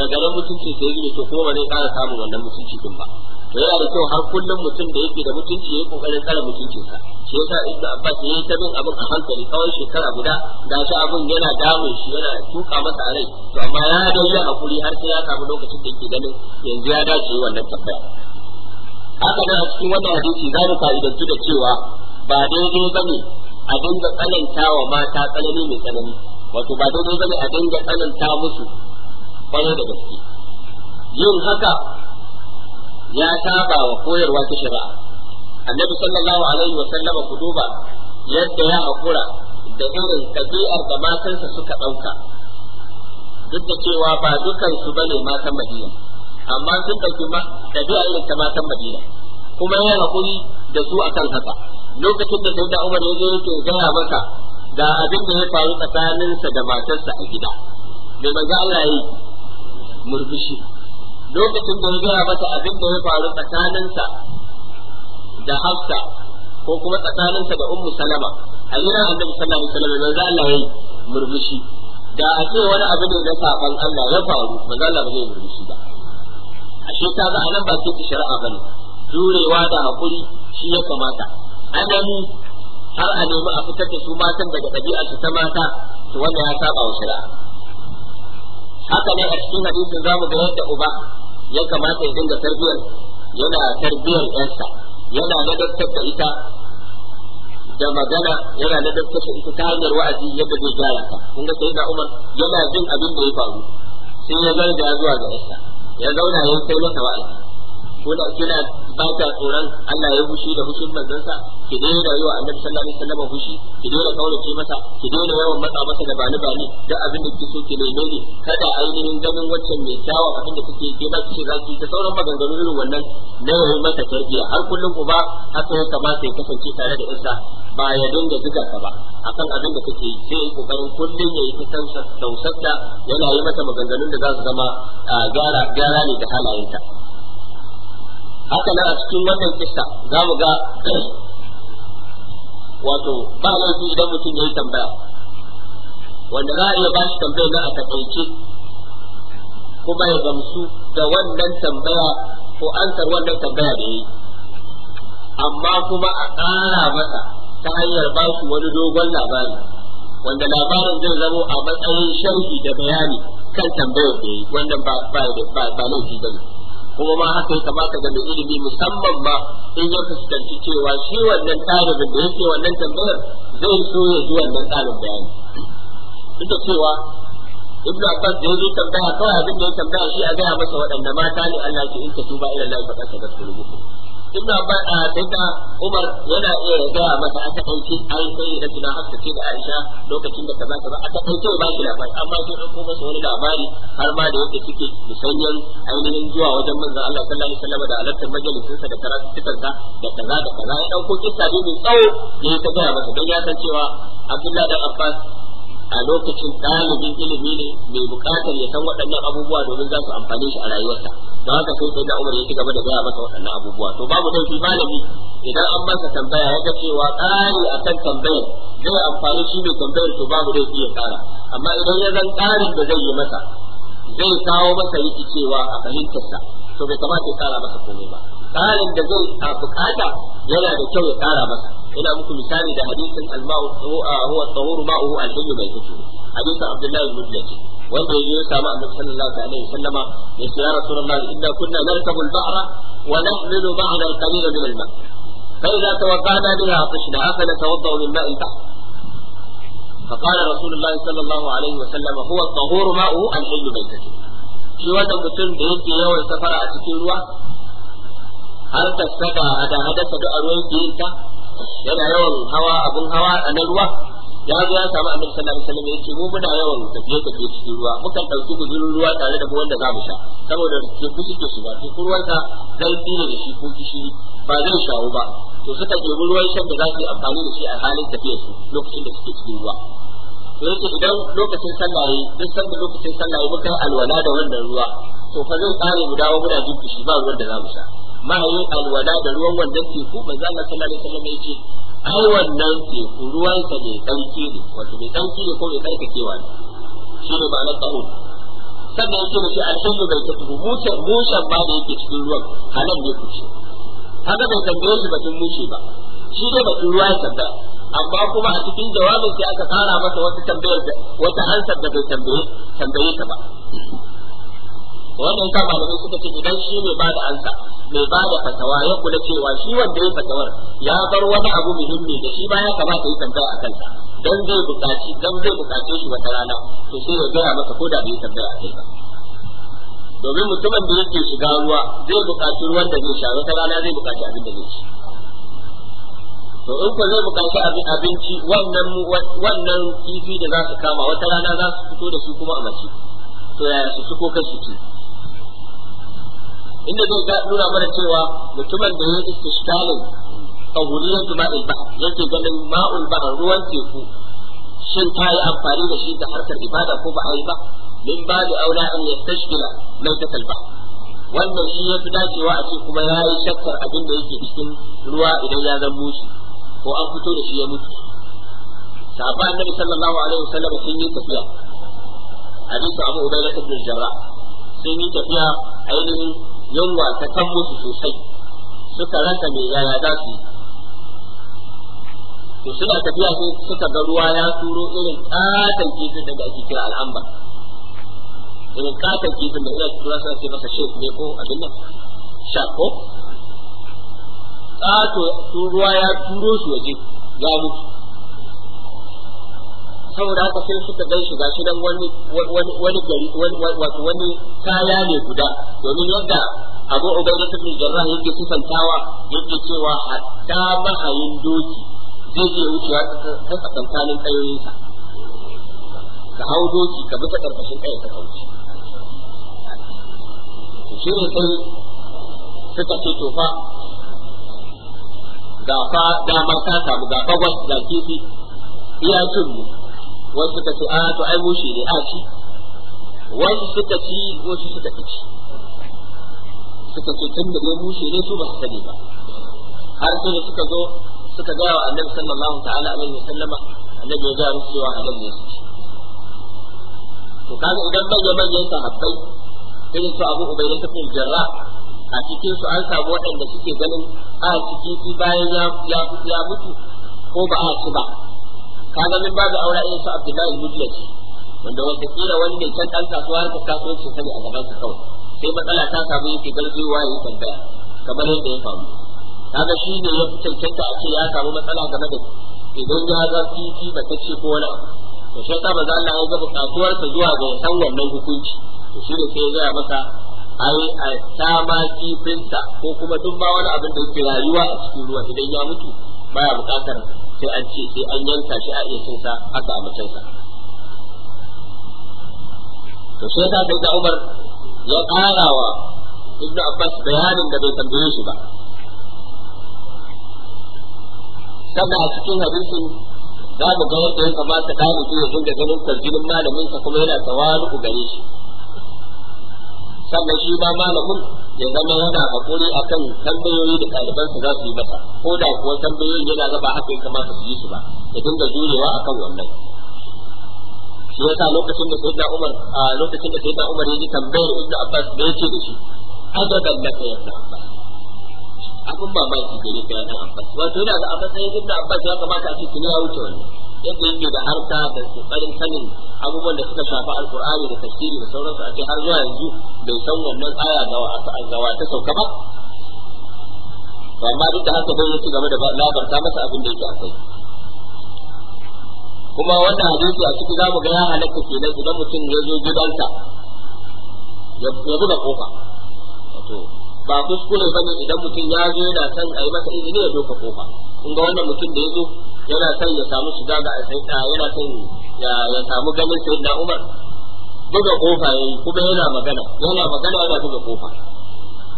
daga nan mutunci da ya to kuma ba zai ƙara samun wannan mutunci din ba to yana da kyau har kullum mutum da yake da mutunci ya yi kokarin tsara sa shi yasa ibnu abbas ya yi ta bin abin a hankali tsawon shekara guda da shi abin yana damun shi yana tuka masa rai to amma ya dau ya hakuri har sai ya samu lokacin da yake ganin yanzu ya dace wannan tabbaya haka nan a cikin wannan hadisi za mu fa'idantu da cewa ba daidai ba ne a dinga tsananta wa mata tsanani mai tsanani wato ba daidai bane a dinga tsananta musu kwanar da gaske yin haka ya saba wa koyarwa ta shari'a annabi sallallahu alaihi wa sallama ku duba yadda ya hakura da irin kabi'ar da matansa suka ɗauka duk da cewa ba dukan su bane matan madina amma sun ɗauki ɗabi'a irin ta matan madina kuma ya hakuri da su akan haka lokacin da dauda umar ya zo yake gaya maka da abin da ya faru tsakaninsa da matarsa a gida mai manzo Allah yi murmushi lokacin da ya gaya mata abin da ya faru tsakaninsa da Hafsa ko kuma tsakaninsa da Ummu Salama a gidan Annabi sallallahu alaihi wasallam manzo Allah yi murmushi da a ce wani abu ne na saban Allah ya faru manzo Allah ba zai murmushi ba ashe ta ga anan ba ki shari'a bane jurewa da hakuri shi ya kamata Adamu. har a nemi a fitar da su matan daga ɗabi'ar su ta mata to wanda ya saba wa shari'a haka ne a cikin hadisin mu ga yadda uba ya kamata ya dinga tarbiyyar, yana tarbiyyar ƴarsa yana ladabtar da ita da magana yana ladabtar da ita ta hanyar wa'azi yadda zai gyara ta kun ga na Umar yana jin abin da ya faru sai ya zarga zuwa ga ƴarsa ya zauna ya kai mata wa'azi kuna kina ba ta tsoron Allah ya hushi da hushin manzansa ki daina rayuwa annabi sallallahu alaihi wasallam hushi ki daina kaurace masa ki daina yawan matsa masa da bani bani da abin da kike so ki ne kada ainihin ganin waccan mai kyawa abin da kike ke ba ki ce ki da sauran maganganun irin wannan na yayi masa tarbiya har kullum uba haka ya kamata ya kasance tare da isa ba ya dinga duka ka ba akan abin da kake yi sai kokarin kullum ya yi ta tausarta yana yi mata maganganun da za su zama ah, gyara ne da halayenta haka nan a cikin wannan kista za mu ga wato ba laifi idan mutum ya yi tambaya wanda za a iya ba shi tambaya na a takaice kuma ya gamsu da wannan tambaya ko ansar wannan tambaya da ya yi amma kuma a ƙara masa ta hanyar ba shi wani dogon labari wanda labarin zai zamo a matsayin sharhi da bayani kan tambayar da ya yi wannan ba laifi ba ne. kuma ma haka ya kamata ga mai ilimi musamman ba in ya fuskanci cewa shi wannan ɗalibin da yake wannan tambayar zai so ya ji wannan tsarin bayani duk da cewa ibn abbas da ya zo tambaya kawai abin da ya tambaya shi a gaya masa waɗanda mata ne Allah ke in ka tuba ila Allah fa kasa da inna ba a daga Umar yana iya gaya masa aka ɗauki an sai da tuna haka ce da Aisha lokacin da kaza kaza aka ɗauke ba shi labari amma sai ɗauko masa wani labari har ma da yake suke musanyan ainihin zuwa wajen manzon Allah sallallahu alaihi wasallam da halartar majalisinsa da karatukansa da kaza da kaza ya ɗauko kissa ne mai tsawo ne ta gaya masa don ya san cewa Abdullahi dan Abbas a lokacin ɗalibin ilimi ne mai buƙatar ya san waɗannan abubuwa domin za su amfane shi a rayuwarsa don haka sai sai da umar ya ci gaba da gaya masa waɗannan abubuwa to babu shi malami idan an masa tambaya ya ga cewa ƙari a kan tambayar zai amfani shi mai tambayar to babu laifi ya ƙara amma idan ya zan ƙarin da zai yi masa zai kawo masa rikicewa a fahimtarsa to bai kamata ya ƙara masa komai ba ƙarin da zai a buƙata yana da kyau ya ƙara masa ina muku misali da hadisin al-ma'u huwa at-tahur ma'uhu al-hayy baytuhu hadisin Abdullah ibn Mujahid wanda ya samu Annabi sallallahu alaihi wasallama ya ce ya inna kunna narkabu al-ba'ra wa nahmilu ba'da al-qalil min al-ma' fa idha tawaqqa'na biha atashna afa natawaddau min ma'in bahr فقال رسول الله صلى الله عليه وسلم هو الطهور ماؤه الحل بيته shi wannan mutum da yake yawan safara a cikin ruwa har ta saba hada hada a ruwan ta yana yawan hawa abun hawa a nan ruwa ya zo ya samu annabi sallallahu alaihi wasallam yace mu muna yawan tafiye tafiye cikin ruwa muka dauki guzurin ruwa tare da wanda za mu sha saboda kusa ke su ba ruwan ka zarfi ne da shi ko kishi ba zai shawo ba to suka ɗebi ruwan shan da za yi amfani da shi a halin tafiyar su lokacin da suke cikin ruwa to yake idan lokacin sallah yayi duk sanda lokacin sallah yayi muka alwala da wannan ruwa to fa zai tsare mu dawo muna jin kishi ba ruwan da za mu sha ma'ayin alwala da ruwan wannan teku manzo Allah sallallahu alaihi wasallam ya ce ai wannan teku ruwansa mai tsarki ne wato mai tsarki ne ko mai tsarkakewa ne shi ne ma'anar tsaro sannan yake mace a cikin bai ta tudu mushen mushen ba da yake cikin ruwan halal ne ku ce haka bai tambaye shi batun mushe ba shi dai batun ruwa ya tambaya amma kuma a cikin jawabin sai aka kara masa wata tambayar da wata hansar da bai tambaye tambaye ta ba wannan yasa malamai suka ce idan shi ne ba da ansa mai ba da fatawa ya kula cewa shi wanda ya fatawar ya bar wani abu muhimmi da shi baya kamata ya tambaya a kansa dan zai buƙaci dan zai buƙace shi wata rana to sai ya gaya masa ko da bai tambaya a kai ba domin mutumin da yake shiga ruwa zai buƙaci ruwan da zai sha wata rana zai buƙaci abin da zai ci to in ko zai buƙaci abinci wannan wannan kifi da za su kama wata rana za su fito da su kuma a mace to yaya su ko kai su ci inda zai nuna mana cewa mutumin da ya yi istishkalin tahuriyar ma'ul bahr yake ganin ma'ul bahr ruwan teku shin ta yi amfani da shi da harkar ibada ko ba a yi ba min ba da aula an yastashkila lautatul bahr wannan shi ya fi dacewa a ce kuma ya yi shakkar abin da yake cikin ruwa idan ya zama shi ko an fito da shi ya mutu sahaba annabi sallallahu alaihi wasallam sun yi tafiya hadisi abu ubaidah ibn jarrah sun yi tafiya ainihin yunwa ta kan musu sosai suka rasa mai yaya za su yi to suna tafiya sai suka ga ruwa ya turo irin katon kifin da ake kira al'amba irin katon kifin da ina tura suna ce masa shek ne ko abin nan shako kato ruwa ya turo su waje ga mutu saboda haka sai suka gan shi gashi dan wani wani gari wato wani kaya ne guda domin yadda Abu Ubaidah ibn Jarrah yake sifantawa yake cewa hatta mahayin doki zai je wucewa ta tsakankanin sa ka hau doki ka bi ta karkashin kayan ka kauce shi ne sai suka ce to fa ga fa damar ta samu ga fagwas da kifi iya cin mu wasu suka ce a to ai mushi ne a ci wasu suka ci wasu suka ci suka ce tun da ne mushi ne su ba su sani ba har sai suka zo suka ga wa annabi sallallahu ta'ala alaihi wasallama annabi ya ga musu cewa halal ne su to kaga idan manya manyan sahabbai irin su Abu Ubaida ibn jarra, a cikin su an samu waɗanda suke ganin a ciki bayan ya mutu ko ba a ci ba kaga min da aure irin sa Abdullahi Mujlaji wanda wata kila wanda can dan kasuwa harka kasuwanci sani a gaban ka kawai sai matsala ta samu yake wa yi tambaya kamar yadda ya faru kaga shi ne ya cancanta a ce ya samu matsala game da idan ya ga titi ba ta ce ko wani abu to sai ba za Allah ya gaba kasuwar sa zuwa ga san wannan hukunci to shi ne sai ya ga masa ai a ta ma kifinsa ko kuma duk ba wani abin da yake rayuwa a cikin ruwa idan ya mutu baya bukatar sai an ce sai an yanka shi a iya cin sa aka a mutum sa to sai ta da Umar ya karawa Ibn Abbas bayanin da bai tambaye shi ba Kada a cikin hadisin za mu ga yadda ya kamata ɗalibi ya dinga ganin tarjinin malamin sa kuma yana tawalu gare shi sannan shi ba malamin ya zama yana hakuri akan tambayoyi da ɗaliban su za su yi masa ko da kuwa tambayoyin yana gaba haka ya kamata su yi su ba ya dinga jurewa akan wannan shi yasa lokacin da sayyidina Umar a lokacin da sayyidina Umar ya ji tambayar Ibn Abbas me yake da shi da laka ya Abbas abun mamaki gare ka ya Abbas wato yana da a matsayin Ibn Abbas ya kamata a ce ne ya wuce wannan yadda yake da harka da tsarin sanin abubuwan da suka shafi alkur'ani da tafsiri da sauransu a ce har zuwa yanzu bai san wannan aya ga wa ta sauka ba to amma duk da haka bai yake game da labarta masa abin da yake akwai kuma wannan hadisi a ciki zamu ga ya halatta kenan idan mutum ya zo gidansa ya buga kofa wato ba kuskure ba ne idan mutum ya zo yana son a yi masa izini ya doka kofa kun ga wannan mutum da ya zo yana son ya samu shiga ga asaita yana son ya samu ganin sayyidina Umar buga kofa yi kuma yana magana yana magana yana buga kofa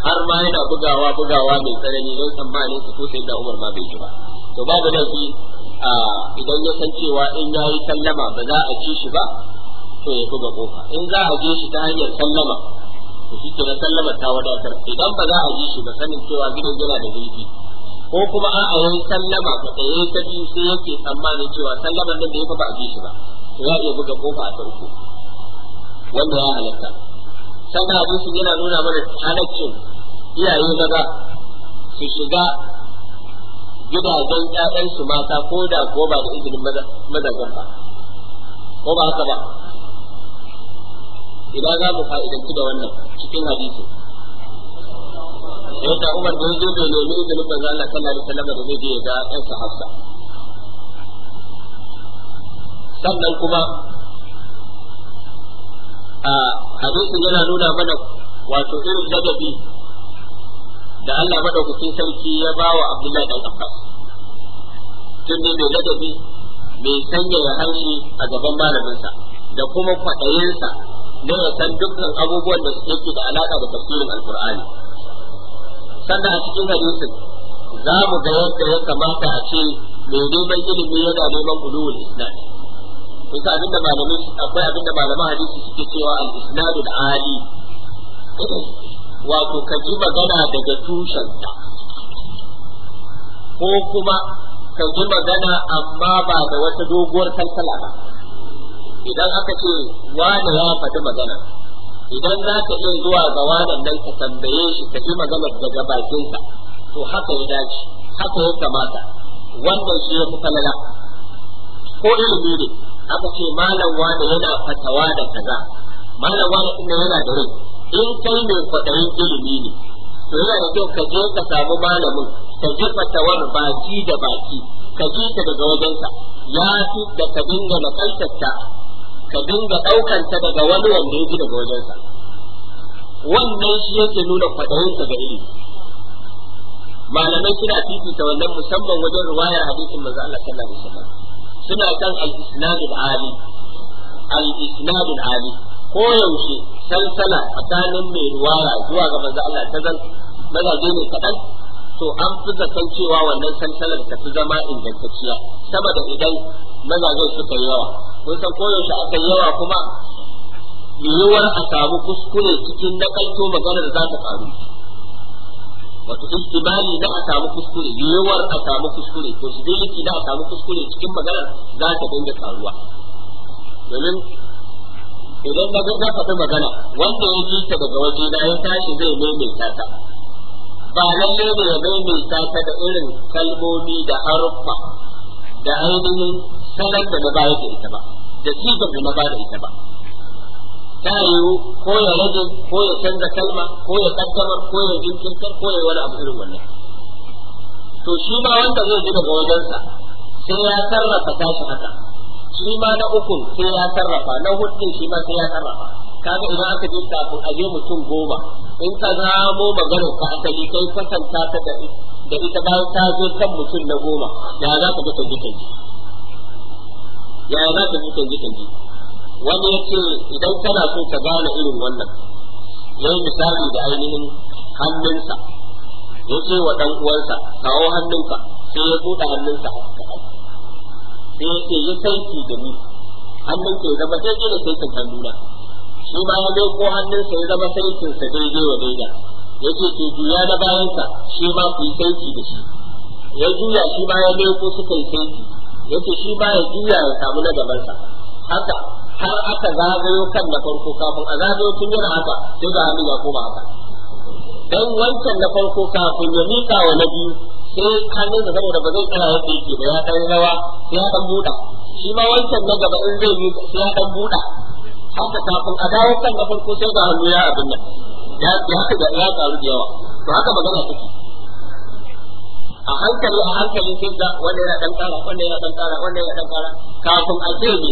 har ma yana bugawa bugawa mai tsanani don tsammanin su ko da Umar ma bai ji ba to babu da a idan ya san cewa in ya yi sallama ba za a ci shi ba to ya buga kofa in za a je shi ta hanyar sallama to shi kenan sallama ta wadatar idan ba za a yi shi ba sanin cewa gidan yana da zurfi ko kuma a a yi sallama ka tsaye ta biyu sai yake tsammanin cewa sallamar nan da ya ba a yi shi ba to ya iya buga kofa a farko. wanda ya halatta sannan su yana nuna mana halaccin iyaye maza su shiga gidajen ƴaƴansu mata ko da ko ba da izinin mazajen ba ko ba haka ba ina za mu fa'idanci da wannan cikin hadisi sai ta umar da zo da nemi izinin Allah sallallahu alaihi wasallam da zai je ga ɗan sahabba sannan kuma a hadisin yana nuna mana wato irin ladabi da Allah madaukakin sarki ya ba wa Abdullahi dan Abbas tun ne mai ladabi mai sanya ya hanshi a gaban malaminsa da kuma kwaɗayinsa don a san dukkan abubuwan da suke da alaƙa da tafsirin Alƙur'ani. sannan a cikin hadisin za mu ga yadda ya kamata a ce mai neman ilimi yana neman ulul islam ita abinda malamin akwai abinda malaman hadisi suke cewa al-isnadu al-ali wato ka ji magana daga tushenta ko kuma ka ji magana amma ba da wata doguwar kalkala ba idan aka ce wani ya faɗi magana idan za ka iya zuwa ga wanan nan ka tambaye shi ka ji magana daga bakinsa to haka ya dace haka ya kamata wannan shi ya fi falala ko ilimi ne aka ce malam wani yana fatawa da kaza malam wani inda yana da rai in kai mai kwaɗayin ilimi ne to yana da kyau ka je ka samu malamin ka ji fatawar baki da baki ka ji ta daga wajensa ya fi da ka dinga nakaltarta ka dinga ɗaukan ta daga wani wanda yake daga wajensa wannan shi yake nuna kwaɗayinsa ga ilimi malamai suna fifita wannan musamman wajen ruwayar hadisin manzo Allah sallallahu alaihi wasallam suna kan al-isnadul ali al-isnadul ali ko yaushe salsala tsakanin mai ruwaya zuwa ga manzo Allah ta zan mazaje ne kadan to an fi zaton cewa wannan salsalar ta fi zama ingantacciya saboda idan mazajen suka yawa kun san koyaushe akan yawa kuma yiwuwar a samu kuskure cikin nakalto magana da za ta faru wato istibali na a samu kuskure yiwuwar a samu kuskure to sibiliki da a samu kuskure cikin magana za ta dinga karuwa domin idan na za ka fi magana wanda ya ji ta daga waje na ya tashi zai maimaita ta ba lalle ne ya maimaita ta da irin kalmomi da haruffa da ainihin sanar da na bayar da ita ba da sigar da na ba da ita ba ta yiwu ko ya rage ko ya canza kalma ko ya kankamar ko ya jinkirtar ko ya wani abu irin wannan to shi ma wanda zai ji daga wajensa sai ya sarrafa tashi haka shi ma na ukun sai ya sarrafa na hudu shi ma sai ya sarrafa kaga idan aka je kafin a je mutum goma in ka zamo maganar ka asali kai kwatanta ta da da ita bayan ta zo kan mutum na goma ya za ka mutum jikin ji ya za ka mutum jikin ji wani ya ce idan kana so ka gane irin wannan ya yi misali da ainihin hannunsa ya ce wa ɗan uwansa kawo hannunka sai ya buɗe hannunsa sai ya ce ya saiti da ni hannun ke zama daidai da saitin hannuna shi ma ya ko hannunsa ya zama saitinsa daidai wa daidai ya ce to juya na bayansa shi ba ku yi saiti da shi ya juya shi ba ya leko suka yi saiti ya ce shi ba ya juya ya samu na gabansa haka har aka zagayo kan na farko kafin a zagayo tun yana haka sai ga hannu ya koma haka dan wancan na farko kafin ya mika wa na biyu sai hannun da saboda ba zai tsaya yadda yake ba ya ɗan rawa sai ya ɗan buɗa shi ma wancan na gaba in zai yi sai ya ɗan buɗa haka kafin a dawo kan na farko sai ga hannu ya abin nan ya haka da ya karu da yawa to haka magana take a hankali a hankali sai da wanda yana dan kara wanda yana dan kara wanda yana dan kara kafin a ce ne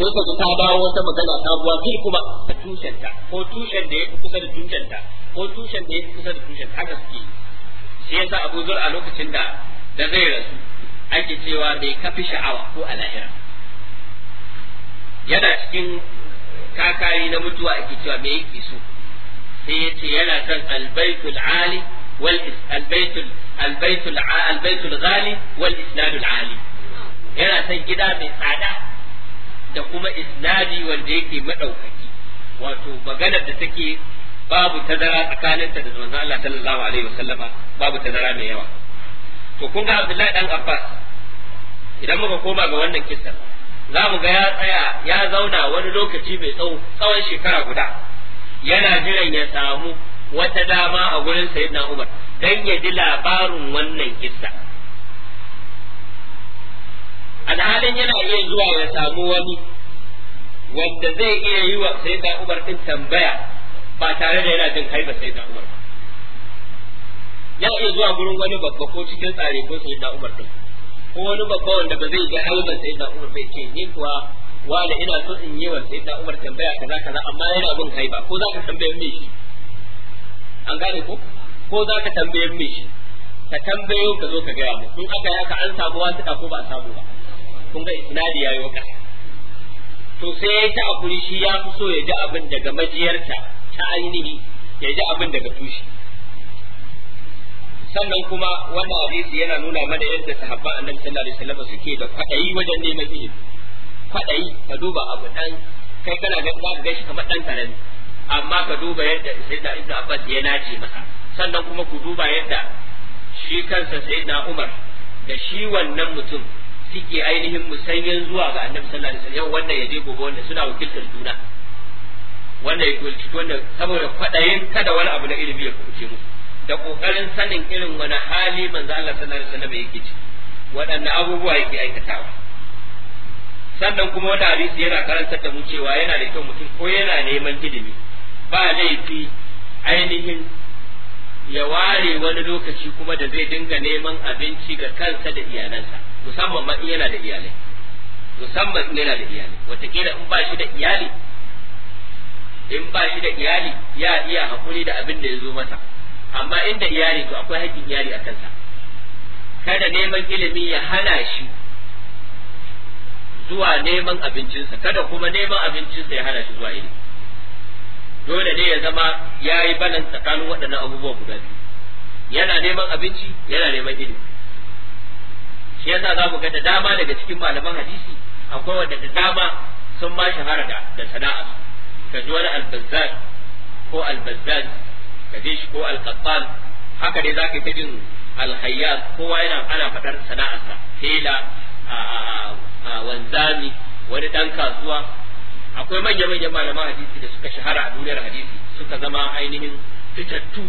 sai ka ta dawo wata magana ta buwa kai kuma ta tushenta ko tushen da ya fi kusa da tushenta ko tushen da ya fi kusa da tushenta haka suke shi yasa Abu Zur a lokacin da da zai rasu ake cewa bai kafi sha'awa ko a yana cikin kakari na mutuwa ake cewa me yake so sai ya ce yana kan albaitul ali wal albaitul albaitul albaitul ghali wal isnadul ali yana son gida mai tsada da kuma isnadi wanda yake madaukaki wato maganar da take babu tazara tsakaninta da manzon Allah sallallahu alaihi wasallama babu tazara mai yawa to kun ga Abdullahi dan Abbas idan muka koma ga wannan kissa za mu ga ya tsaya ya zauna wani lokaci mai tsawon shekara guda yana jiran ya samu wata dama a gurin sayyidina Umar dan ya ji labarin wannan kissa alhalin yana iya zuwa ya samu wani wanda zai iya yi wa sayyidina Umar din tambaya ba tare da yana jin ba sayyidina Umar ba ya iya zuwa gurin wani babba ko cikin tsare ko sayyidina Umar din ko wani babba wanda ba zai ga haiba sayyidina Umar ba ce ni kuwa wala ina so in yi wa sayyidina Umar tambaya kaza kaza amma yana bin ba, ko za ka tambaye min shi an gane ko ko za ka tambaye min shi ka tambayo ka zo ka gaya mu in aka yaka an samu wasu ko ba a samu ba kun ga isnadi yayi waka to sai ya ta akuri shi ya fi so ya ji abin daga majiyarta ta ainihi ya ji abin daga tushe sannan kuma wannan hadisi yana nuna mana yadda sahabban annabi sallallahu alaihi wasallam suke da kwadayi wajen neman ilimi kwaɗayi ka duba abu ɗan kai kana ga za ka gashi kamar ɗan karami amma ka duba yadda sayyidina ibnu abbas ya nace masa sannan kuma ku duba yadda shi kansa sayyidina umar da shi wannan mutum suke ainihin musayyan zuwa ga annabi sallallahu alaihi wasallam wanda ya je gobe wanda suna wakiltar juna wanda ya wakilci wanda saboda kwaɗayin kada wani abu na ilimi ya kuce musu da kokarin sanin irin wani hali manzo Allah sallallahu alaihi wasallam yake ciki waɗanne abubuwa yake aikatawa sannan kuma wata hadisi yana karantar da mu cewa yana da kyau mutum ko yana neman ilimi ba laifi ainihin ya ware wani lokaci kuma da zai dinga neman abinci ga kansa da iyalansa musamman ma yana da iyalai musamman in yana da iyalai. wataƙila in ba shi da iyali in ba shi da iyali ya iya haƙuri da abin da ya zo masa amma inda iyali to akwai haƙƙin iyali a kansa kada neman ilimi ya hana shi zuwa neman abincinsa kada kuma neman abincinsa ya hana shi zuwa ilimi dole ne ya zama ya yi balan tsakanin waɗannan abubuwa guda biyu yana neman abinci yana neman ilimi shi yasa za mu ga da dama daga cikin malaman hadisi akwai wanda da dama sun ba shahara da da sana'a ka ji wani albazzar ko albazzar ka ji shi ko alqattan haka dai zaka ta jin alhayyar kowa yana ana faɗar sana'arsa hela wanzami wani dan kasuwa akwai manya-manyan malaman hadisi da suka shahara a duniyar hadisi suka zama ainihin fitattu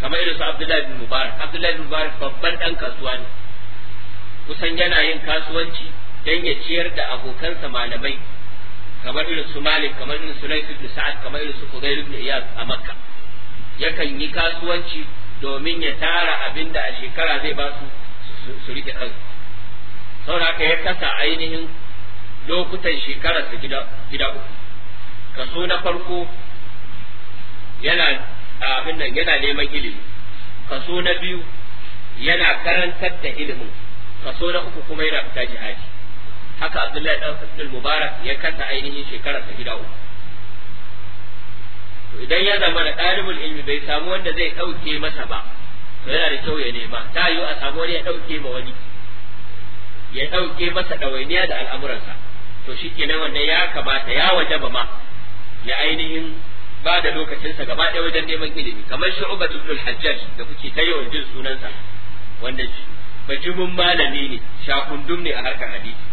kamar irin su Abdullahi bin Mubarak Abdullahi bin Mubarak babban dan kasuwa ne kusan yana yin kasuwanci dan ya ciyar da abokansa malamai kamar irin su Malik kamar irin su Layth ibn Sa'ad kamar irin su Fudayl ibn Iyad a Makka yakan yi kasuwanci domin ya tara abinda a shekara zai ba su su rike kansu saboda haka ya kasa ainihin lokutan shekararsa gida gida uku kaso na farko yana abin nan yana neman ilimi kaso na biyu yana karantar da ilimin kaso na uku kuma yana fita jihadi haka abdullahi dan abdul mubarak ya kasa ainihin shekararsa gida uku idan ya zama da ɗalibul ilmi bai samu wanda zai ɗauke masa ba to yana da kyau ya nema ta yiwu a samu wani ya ɗauke ma wani ya ɗauke masa ɗawainiya da al'amuransa to shi kenan wannan ya kamata ya waje ma ya ainihin ba da lokacinsa gaba ɗaya wajen neman ilimi kamar shu'ubat ibn hajjaj da kuke ta yawan jin sunansa wanda bajimin malami ne shakundum ne a harkar hadisi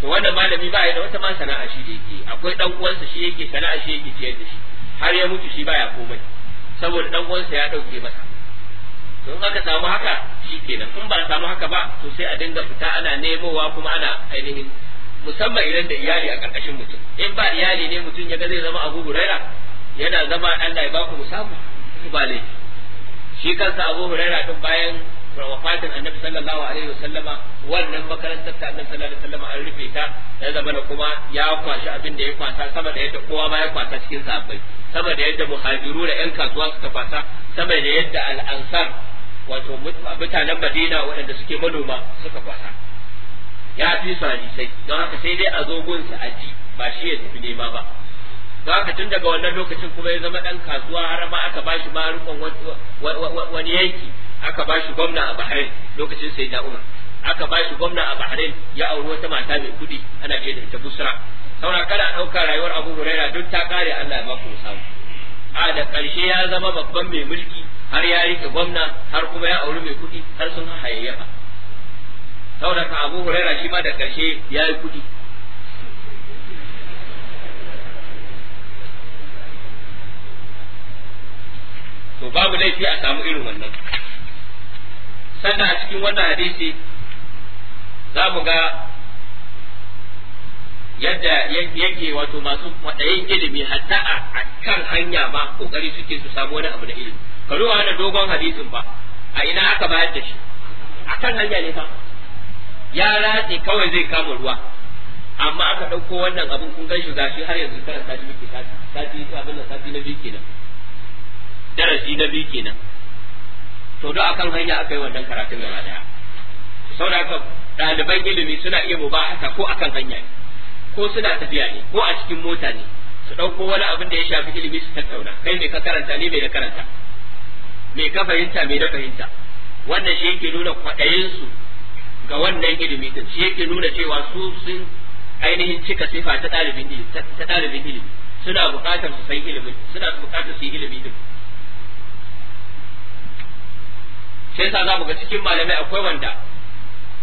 to wannan malami ba ya da wata ma sana'a shi da yake akwai dan uwansa shi yake sana'a shi yake ciyar da shi har ya mutu shi baya komai saboda dan uwansa ya dauke masa in aka samu haka shi kenan in ba a samu haka ba to sai a dinga fita ana nemowa kuma ana ainihin musamman idan da iyali a ƙarƙashin mutum in ba iyali ne mutum ya ga zai zama abu huraira yana zama Allah ya baku musamu ba laifi shi kansa abu huraira tun bayan wafatin annabi sallallahu alaihi wasallama wannan makarantar ta annabi sallallahu alaihi wasallama an rufe ta ya zama na kuma ya kwashi abin da ya kwasa sama da yadda kowa ma ya kwasa cikin sahabbai sama yadda muhajiru da yan kasuwa suka kwasa sama da yadda al'ansar wato mutanen madina waɗanda suke manoma suka kwasa ya fi su hadisai don haka sai dai a zo su a ji ba shi ya tafi nema ba don haka tun daga wannan lokacin kuma ya zama ɗan kasuwa har ma aka ba shi wani yanki aka ba shi gwamna a Bahrain lokacin sai da Umar aka ba gwamna a Bahrain ya auri wata mata mai kuɗi ana ce da ita Busra saura kada ɗauka rayuwar Abu Huraira duk ta kare Allah ya ba ku samu a da ƙarshe ya zama babban mai mulki har ya rike gwamna har kuma ya auri mai kuɗi har sun hayayyafa saboda ka abu huraira shi ma da ƙarshe ya yi kuɗi to babu laifi a samu irin wannan sannan a cikin wannan hadisi za mu ga yadda yake wato masu kwaɗayin ilimi hatta a kan hanya ma kokari suke su samu wani abu da ilimi ka duba wani dogon hadisin ba a ina aka bayar da shi a kan hanya ne ba ya ratse kawai zai kama ruwa amma aka ɗauko wannan abin kun gan shi gashi har yanzu karanta shi muke sati sati abin da sati na biyu kenan darasi na biyu kenan to duk akan hanya aka yi wannan karatun gaba daya saboda haka ɗaliban ilimi suna iya mubahasa ko akan hanya ne ko suna tafiya ne ko a cikin mota ne su ɗauko wani abin da ya shafi ilimi su tattauna kai me ka karanta ne me na karanta me ka fahimta me na fahimta wannan shi yake nuna kwaɗayinsu ga wannan ilimi din shi yake nuna cewa su sun ainihin cika sifa ta ɗalibin ilimi ta ɗalibin ilimi suna buƙatar su san ilimi suna buƙatar su yi ilimi din sai sa za mu ga cikin malamai akwai wanda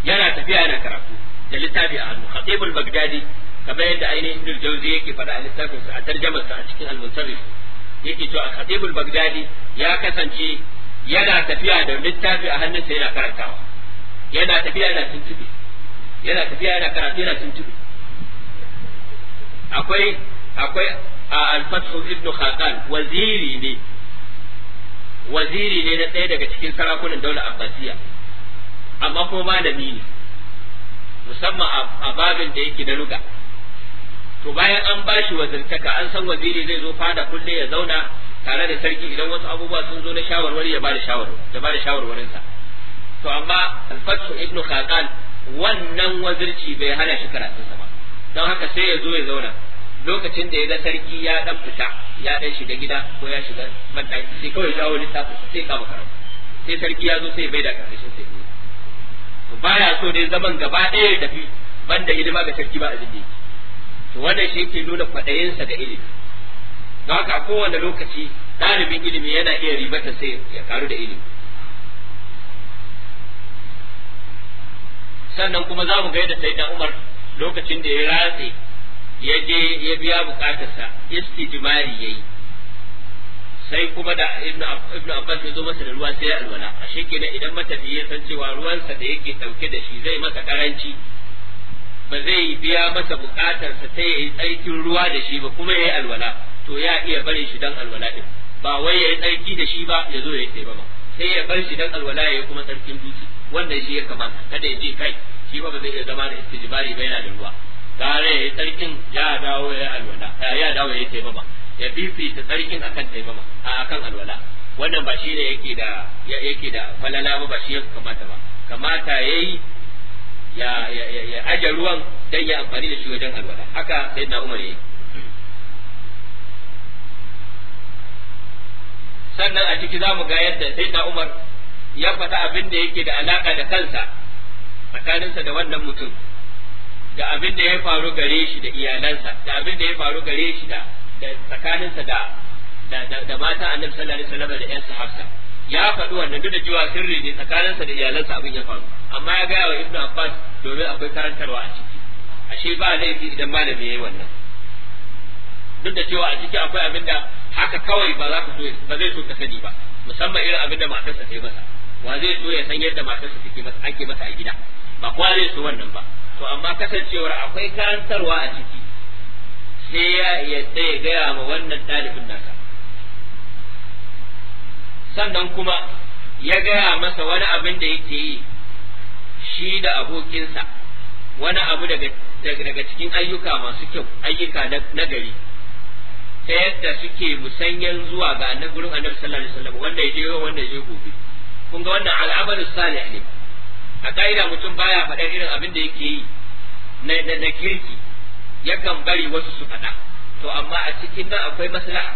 yana tafiya yana karatu da littafi a hannu khatibul bagdadi kamar yadda ainihin ibn al-jawzi yake faɗa a littafin sa a tarjamar sa a cikin al-munsarif yake cewa al-khatib al-baghdadi ya kasance yana tafiya da littafi a hannunsa yana karantawa yana tafiya yana tuntube yana tafiya yana karatu yana tuntube akwai akwai al-fathu ibn khaqan waziri ne waziri ne na ɗaya daga cikin sarakunan daular abbasiya amma kuma malami ne musamman a babin da yake na ruga. to bayan an bashi wazirtaka an san waziri zai zo fada kulle ya zauna tare da sarki idan wasu abubuwa sun zo na shawarwari ya bada shawarwari ya bada shawarwarin sa to amma al-fathu ibnu khaqan wannan wazirci bai hana shi karatun sa ba don haka sai ya zo ya zauna lokacin da ya ga sarki ya dan fita ya dan shiga gida ko ya shiga bandaki sai kawai ya dawo littafin sai kama karatu sai sarki ya zo sai bai da karshen sai to baya so dai zaman gaba ɗaya da fi banda hidima ga sarki ba a zinde to wannan shi ke nuna kwaɗayinsa da ilimi don haka a kowane lokaci ɗalibin ilimi yana iya ribata sai ya karu da ilimi sannan kuma za mu ga yadda Umar lokacin da ya ratse ya je ya biya bukatarsa istijmari yayi sai kuma da ibnu abbas ya zo masa da ruwa sai ya alwala a kenan idan ya san cewa ruwansa da yake dauke da shi zai masa karanci ba zai biya masa bukatarsa ta ya yi tsarkin ruwa da shi ba kuma ya yi alwala to ya iya barin shi dan alwala din ba wai ya yi tsarki da shi ba ya zo ya yi taimama sai ya bar shi dan alwala ya yi kuma tsarkin duki wannan shi ya kamata kada ya je kai shi ba zai iya zama da istijbari ba yana da ruwa gare ya yi tsarkin ya dawo ya alwala ya dawo ya yi ba ya fifita tsarkin akan ba a akan alwala wannan ba shi ne yake da yake da falala ba ba shi ya kamata ba kamata yayi ya ya aje ruwan dan ya amfani da shi wajen alwala haka sai na Umar yi. sannan a ciki zamu ga yadda sai na Umar ya faɗa abin da yake da alaka da kansa tsakaninsa da wannan mutum da abin da ya faru gare shi da iyalansa da abin da ya faru gare shi da tsakaninsa da da mata annabi sallallahu alaihi wasallam da ƴan sahabbansa ya faɗi wannan duk da cewa sirri ne tsakaninsa da iyalansa abin ya faru amma ya gaya wa ibnu abbas domin akwai karantarwa a ciki ashe ba laifi idan malami yayi wannan duk da cewa a ciki akwai abin da haka kawai ba za ka so ba zai so ka sani ba musamman irin abin da matarsa ta yi masa wa zai so ya san yadda matarsa take masa ake masa a gida ba kowa zai so wannan ba to amma kasancewar akwai karantarwa a ciki sai ya yadda ya gaya ma wannan ɗalibin nasa sannan kuma ya gaya masa wani abin da yake yi shi da abokinsa wani abu daga cikin ayyuka masu kyau ayyuka na gari ta yadda suke musanyen zuwa ga annabi gurin annabi sallallahu alaihi wasallam wanda ya je wanda ya je gobe kun ga wannan al'amal salih ne a kaida mutum baya faɗar irin abin da yake yi na na kirki yakan bari wasu su faɗa to amma a cikin nan akwai maslaha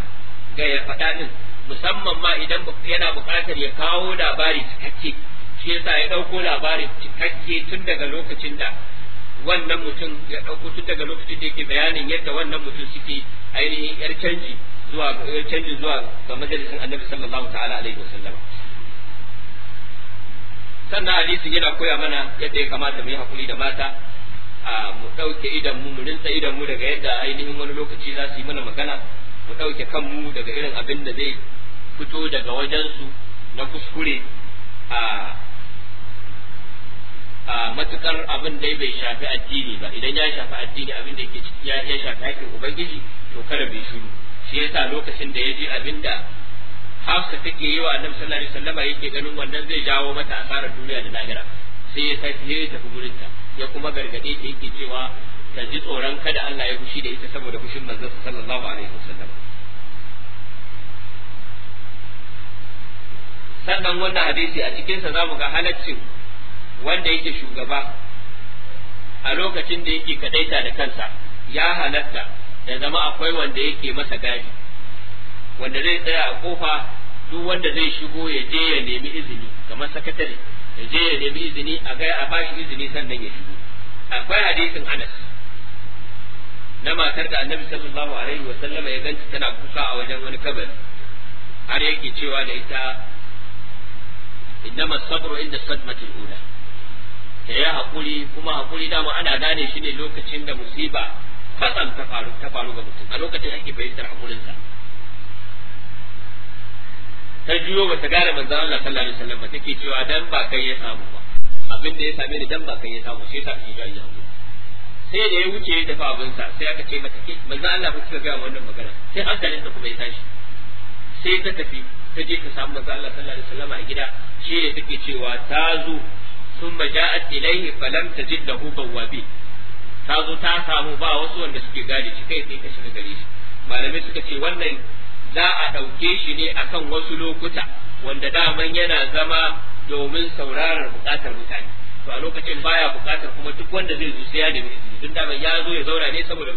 ga ya faɗa din musamman ma idan yana buƙatar ya kawo labari cikakke shi yasa ya ɗauko labari cikakke tun daga lokacin da wannan mutum ya ɗauko tun daga lokacin da yake bayanin yadda wannan mutum suke ainihin yar canji zuwa yar canji zuwa ga majalisin annabi sallallahu ta'ala alaihi wasallam sannan hadisi yana koya mana yadda ya kamata mu yi hakuri da mata a mu ɗauke idan mu mu rinsa idan mu daga yadda ainihin wani lokaci za su yi mana magana mu ɗauke kanmu daga irin abin da zai fito daga wajensu na kuskure a a matukar abin dai bai shafi addini ba idan ya shafi addini abin da yake ciki ya shafi hakkin ubangiji to kada bai shiru shi yasa lokacin da ya ji abin da hafsa take yi wa annabi sallallahu alaihi wasallama yake ganin wannan zai jawo mata asarar duniya da lahira sai ya tafi ya tafi gurin ya kuma gargade ta yake cewa ta ji tsoron kada Allah ya fushi da ita saboda fushin manzon sallallahu alaihi wasallama sannan wannan hadisi a cikinsa za mu ga halaccin wanda yake shugaba a lokacin da yake kadaita da kansa ya halatta ya zama akwai wanda yake masa gadi wanda zai tsaya a kofa duk wanda zai shigo ya je ya nemi izini kamar sakatare ya je ya nemi izini a ga a bashi izini sannan ya shigo akwai hadisin Anas na matar da Annabi sallallahu alaihi wa sallama ya ganta tana kusa a wajen wani kabari har yake cewa da ita innama sabru inda sadmati ula ka yi hakuri kuma hakuri dama ana gane shi ne lokacin da musiba fatsam ta faru ta faru ga mutum a lokacin ake fahimtar sa. ta juyo ba ta gane manzo Allah sallallahu alaihi wasallam take cewa dan ba kai ya samu ba abin da ya same ni dan ba kai ya samu sai ta ji ga iya sai da ya wuce ya tafi abin sa sai aka ce mata ke manzo Allah ba kika ga wannan magana sai hankalin ta kuma ya tashi sai ta tafi ta je ta samu manzo Allah sallallahu alaihi wasallam a gida shi ne take cewa ta zo thumma ja'at ilayhi falam tajid lahu bawabi ta zo ta samu ba wasu wanda suke gadi shi kai sai ka shiga gare shi malamai suka ce wannan za a ɗauke shi ne akan wasu lokuta wanda daman yana zama domin sauraron buƙatar mutane to a lokacin baya buƙatar kuma duk wanda zai zo sai ya nemi izini tun da ya zo ya zauna ne saboda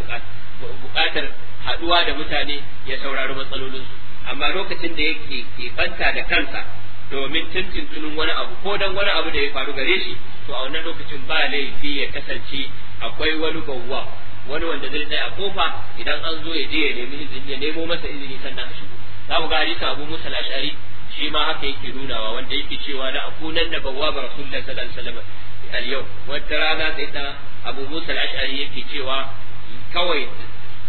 buƙatar haɗuwa da mutane ya saurari matsalolinsu amma lokacin da yake banta da kansa domin tuntun tunun wani abu ko dan wani abu da ya faru gare shi to a wannan lokacin ba laifi ya kasance akwai wani gawwa wani wanda zai tsaya kofa idan an zo ya je ya nemi izini ya nemo masa izini sannan a shigo za mu ga hadisi Abu Musa al shi ma haka yake nunawa wanda yake cewa la akunan da gawwa ba Rasulullahi sallallahu alaihi wasallam al-yau wata rana sai ta Abu Musa al-Ash'ari yake cewa kawai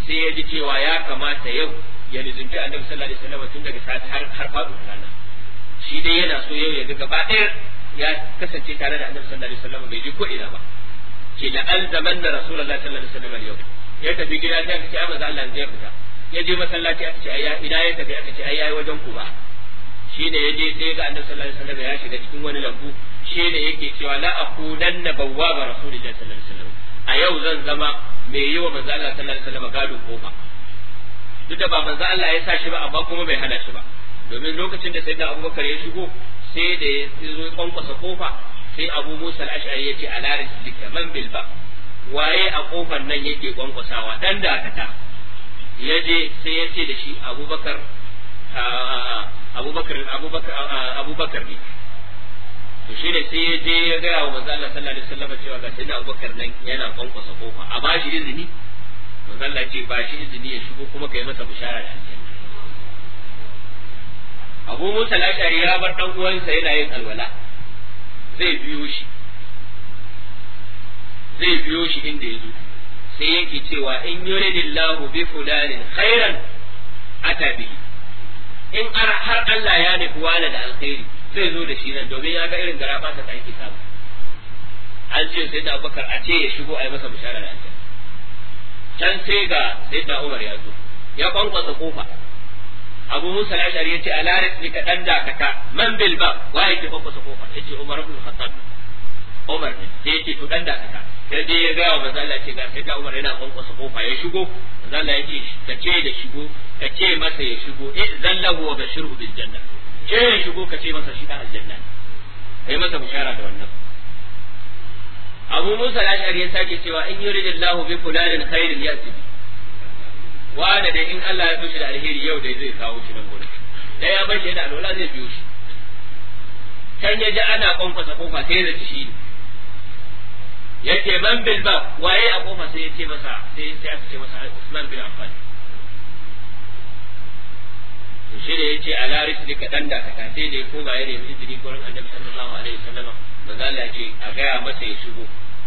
sai ya ji cewa ya kamata yau ya lizinci annabi sallallahu da wasallam tun daga sati har har faɗin rana shi dai yana so yau ya ga gaba ɗaya ya kasance tare da annabi sallallahu alaihi wasallam bai ji ko ina ba ke ce la alzamanna rasulullahi sallallahu alaihi wasallam yau ya tafi gida ta ce ai manzo Allah zai fita ya je masallaci aka ce ai ina ya tafi aka ce ai yayi wajen ba shi ne ya je sai ga annabi sallallahu alaihi wasallam ya shiga cikin wani lambu shi ne yake cewa la aqulanna bawwaba rasulillahi sallallahu alaihi wasallam a yau zan zama mai yi wa manzo Allah sallallahu alaihi wasallam gadon kofa duk da ba manzo Allah ya sa shi ba amma kuma bai hana shi ba domin lokacin da sai sayyidina Abubakar ya shigo sai da ya zo kwankwasa kofa sai Abu Musa al-Ash'ari ya ce ala rijlika man bil ba waye a kofar nan yake kwankwasawa dan ta ya je sai ya ce da shi Abubakar Abubakar Abubakar ne to shi ne sai ya je ya gaya wa manzo Allah sallallahu alaihi wasallam cewa ga sayyidina Abubakar nan yana kwankwasa kofa a ba shi izini manzo Allah ce ba shi izini ya shigo kuma kai masa bishara da aljanna Abu Musa al-Ashari ya bar dan uwansa yana yin alwala zai biyo shi zai biyo shi inda ya zo sai yake cewa in yuridillahu bi fulanin khairan ata bihi in har Allah ya nufi wala da alkhairi zai zo da shi nan domin ya ga irin garaba ta ake samu an ce sai da Abubakar a ce ya shigo a yi masa bishara da aljanna can sai ga sayyidina Umar ya zo ya kwankwasa kofa Abu Musa al-Ash'ari yace ala rizqika dan dakata man bil ba wa yake kwankwasa kofa yace Umar ibn Khattab Umar ne sai yace to dan dakata sai dai ya ga wa manzo Allah ce ga sayyidina Umar yana kwankwasa kofa ya shigo manzo Allah yace ka ce da shigo ka ce masa ya shigo idan lahu wa bashirhu bil janna ce ya shigo ka ce masa shi dan aljanna kai masa bishara da wannan abu musa al shari ya sake cewa in yi lahu bi fulanin khairin ce wa da in Allah ya tushe da alheri yau dai zai kawo shi nan gudu da ya bar shi da alwala zai biyo shi can ya ji ana kwankwasa kofa sai ya zaci shi ne Ya ce man bil ba waye a kofa sai ya ce masa sai sai aka ce masa Usman bin Affan to shi da ce ala risli ka danda ka ta sai da ya koma ya nemi izini gurin Annabi sallallahu alaihi wasallam manzo Allah ya ce a gaya masa ya shigo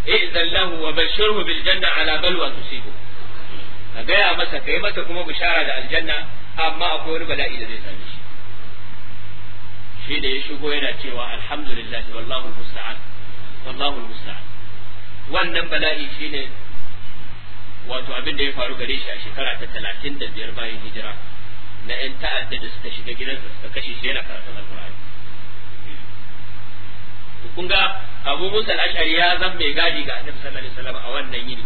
i'zan lahu wa bashirhu bil janna ala balwa tusibu ka gaya masa kai masa kuma bishara da aljanna amma akwai wani bala'i da zai same shi shi da ya shigo yana cewa alhamdulillah wallahu musta'an wallahu musta'an wannan bala'i shine wato abin da ya faru gare shi a shekara ta talatin da biyar bayan hijira na 'yan ta'adda da suka shiga gidansa suka kashe shi yana karatun alkur'ani to kun ga Abu Musa al-Ash'ari ya zan mai gadi ga Annabi sallallahu alaihi a wannan yini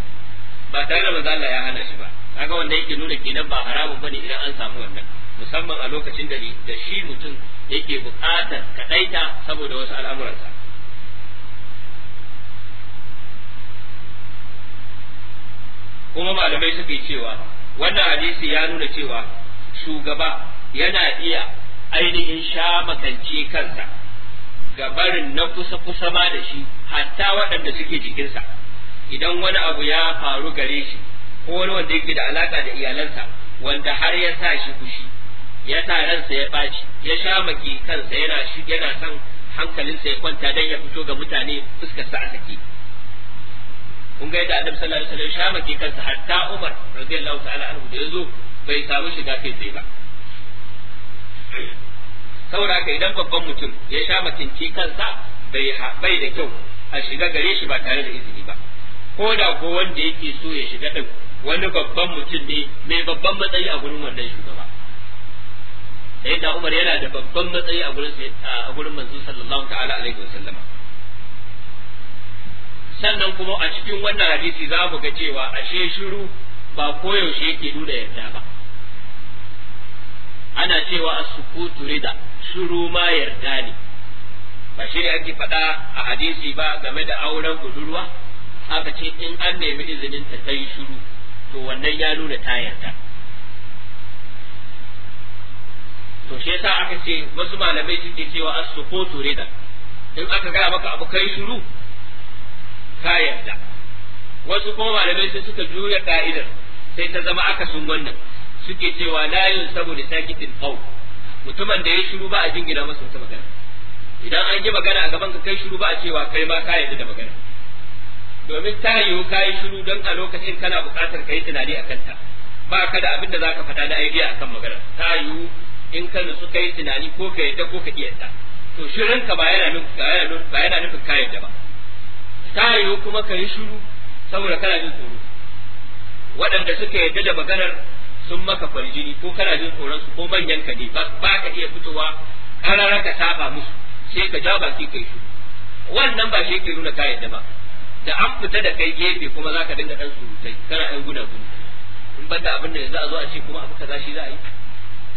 ba tare da manzo Allah ya hana shi ba kaga wanda yake nuna kenan ba haramun bane idan an samu wannan musamman a lokacin da da shi mutum yake buƙatar kadaita saboda wasu al'amuransa kuma malamai suke cewa wannan hadisi ya nuna cewa shugaba yana iya ainihin sha makance kansa ga barin na kusa-kusa ma da shi hatta waɗanda suke jikinsa idan wani abu ya faru gare shi ko wani wanda yake da alaka da iyalansa wanda har ya sa shi kushi ya sa ransa ya ɓaci ya sha maki kansa yana shi yana son hankalinsa ya kwanta don ya fito ga mutane sa a sake kun ga yadda annabi sallallahu alaihi wasallam sha maki kansa hatta Umar radiyallahu ta'ala anhu da yazo bai samu shiga kai tsaye ba saboda haka idan babban mutum ya sha mutunci kansa bai bai da kyau a shiga gare shi ba tare da izini ba ko da ko wanda yake so ya shiga din wani babban mutum ne mai babban matsayi a gurin wannan shugaba sai da Umar yana da babban matsayi a gurin a gurin manzo sallallahu ta'ala alaihi wasallam sannan kuma a cikin wannan hadisi za mu ga cewa ashe shiru ba koyaushe yake nuna yarda ba ana cewa as-sukutu rida shiru ma yarda ne ba shi ne ake faɗa a hadisi ba game da auren budurwa aka ce in an nemi izinin ta ta yi shiru to wannan ya nuna ta yarda to shi yasa aka ce wasu malamai suke cewa as-sukutu rida in aka gaya maka abu kai shiru ka yarda wasu kuma malamai sai suka juya ka'idar sai ta zama aka sun wannan suke cewa la yunsabu saboda sakitin qaw mutumin da ya shiru ba a jingina masa wata magana idan an yi magana a gaban ka kai shiru ba a cewa kai ma ka yadda da magana domin ta yiwu ka yi shiru don a lokacin kana buƙatar ka yi tunani a kanta ba ka da abin da za ka faɗa na a kan magana ta yiwu in ka nutsu ka yi tunani ko ka yadda ko ka yarda to shirin ka ba yana nufin ba yana nufin ka yadda ba ta yiwu kuma ka yi shiru saboda kana jin tsoro waɗanda suka yadda da maganar sun maka kwarjini ko kana jin tsoron su ko manyan ka ne ba ka iya fitowa karara ka saba musu sai ka ja baki kai su wannan ba shi ke nuna kayan da ba da an fita da kai gefe kuma za ka dinga ɗan surutai kana ɗan guna guna in ban da abin da za a zo a ce kuma abu kaza shi za a yi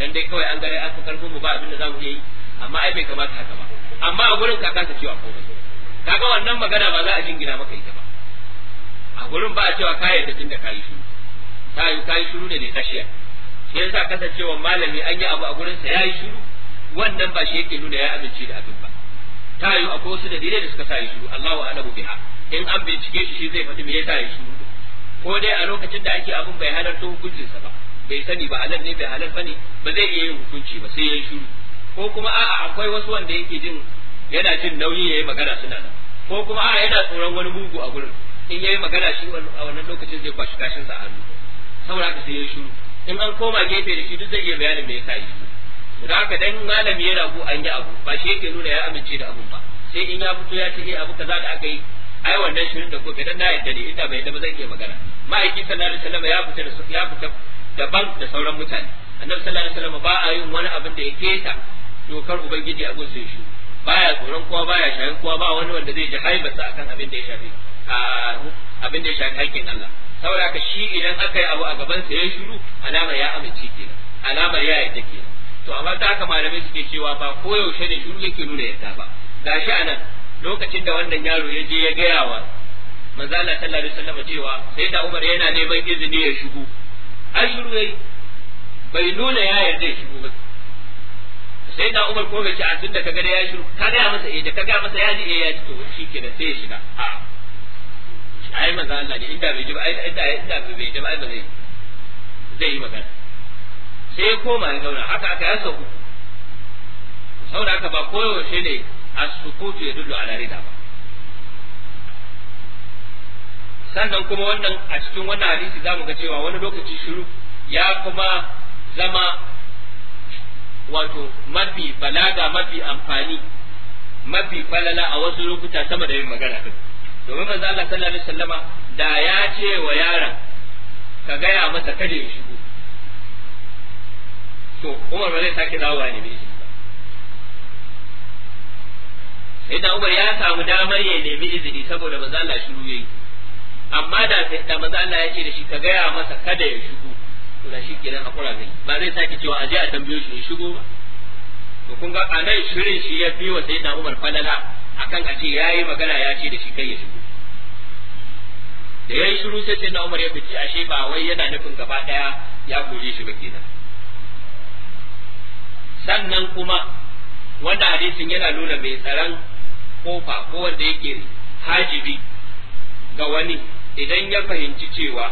dan dai kawai an gare aka karfin mu ba abin da za mu iya yi amma ai bai kamata haka ba amma a gurin ka ka cewa komai kaga wannan magana ba za a jingina maka ita ba a gurin ba a cewa kayan da tun da kayi shi ta yi yi shiru ne ne kashiya shi yasa kasancewa malami an yi abu a gurin sa yayi shiru wannan ba shi yake nuna ya amince da abin ba ta yi akwai wasu dire da suka sa yi shiru Allahu a'lamu biha in an bincike shi shi zai faɗi me yasa yi shiru ko dai a lokacin da ake abin bai halarta sa ba bai sani ba alal ne bai halal bane ba zai iya yin hukunci ba sai ya yi shiru ko kuma a'a akwai wasu wanda yake jin yana jin nauyi yayi magana suna nan ko kuma a'a yana tsoron wani mugu a gurin in yayi magana shi a wannan lokacin zai kwashi kashin sa hannu saboda haka sai ya shiru in an koma gefe da shi duk zai iya bayanin me yasa yi da haka dan malami ya rabu an yi abu ba shi yake nuna ya amince da abun ba sai in ya fito ya ce eh, abu kaza da aka yi ai wannan shirin da kuka dan na yadda ne inda bai da ba zai iya magana ma'aiki sallallahu alaihi wasallam ya fita da ya fita daban da sauran mutane annabi sallallahu alaihi wasallam ba a yin wani abin da ya keta dokar ubangiji a gunsa shi baya tsoron kowa baya shayin kowa ba wani wanda zai ji haibarsa akan abin da ya shafi abin da ya shafi haƙƙin Allah saboda ka shi idan aka yi abu a gaban sa ya shiru alamar ya amince kenan alamar ya yadda kenan to amma ta haka malamai suke cewa ba koyaushe ne shiru yake nuna yadda ba gashi anan lokacin da wannan yaro ya je ya gaya wa manzo Allah sallallahu alaihi wasallam cewa sai da Umar yana neman izini ya shigo an shiru yayi bai nuna ya yarda ya shigo ba sai da Umar ko ga shi a tunda kaga ya shiru ka ga masa eh da kaga masa ya ji eh ya ji to shikenan sai ya shiga a'a ai manzo Allah ne inda bai ji ba ai inda inda bai ji ba ai ba zai zai yi magana sai ya koma ya zauna haka aka ya sauku da aka ba koyaushe ne as-sukutu yadullu ala rida ba sannan kuma wannan a cikin wannan hadisi za mu ga cewa wani lokaci shiru ya kuma zama wato mafi balaga mafi amfani mafi falala a wasu lokuta sama da yin magana manzo Allah sallallahu alaihi wasallama da ya ce wa yaron ka gaya masa kada ya shigo to Umar ba zai sake dawowa ne bai ba Sayyidina Umar ya samu damar ya nemi izini saboda manzo Allah shiru yayi amma da da manzo Allah ya ce da shi ka gaya masa kada ya shigo to da shi kiran hakura zai ba zai sake cewa aje a tambayo shi ya shigo ba to kun ga anan shirin shi ya biyo Sayyidina Umar falala akan a ce yayi magana ya ce da shi kai ya shigo da ya yi shiru sai sai na Umar ya fice ashe ba wai yana nufin gaba daya ya kore shi ba kenan sannan kuma wanda hadisin yana nuna mai tsaron kofa ko wanda yake hajibi ga wani idan ya fahimci cewa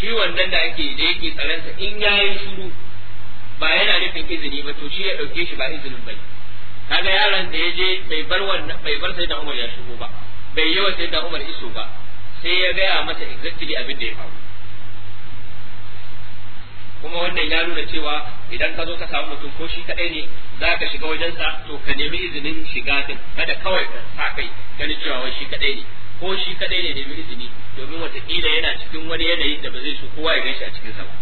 shi wannan da ake da yake tsaransa in ya yi shiru ba yana nufin izini ba to shi ya dauke shi ba izinin ba kaga yaron da ya je bai bar wannan bai bar sai da Umar ya shigo ba bai yi wa sai da Umar iso ba sai ya gaya masa exactly abin da ya faru kuma wannan ya nuna cewa idan ka zo ka samu mutum ko shi kaɗai ne za ka shiga wajensa to ka nemi izinin shiga din kada kawai ka sa kai ganin cewa wai shi kaɗai ne ko shi kaɗai ne nemi izini domin watakila yana cikin wani yanayi da ba zai so kowa ya ganshi a cikinsa ba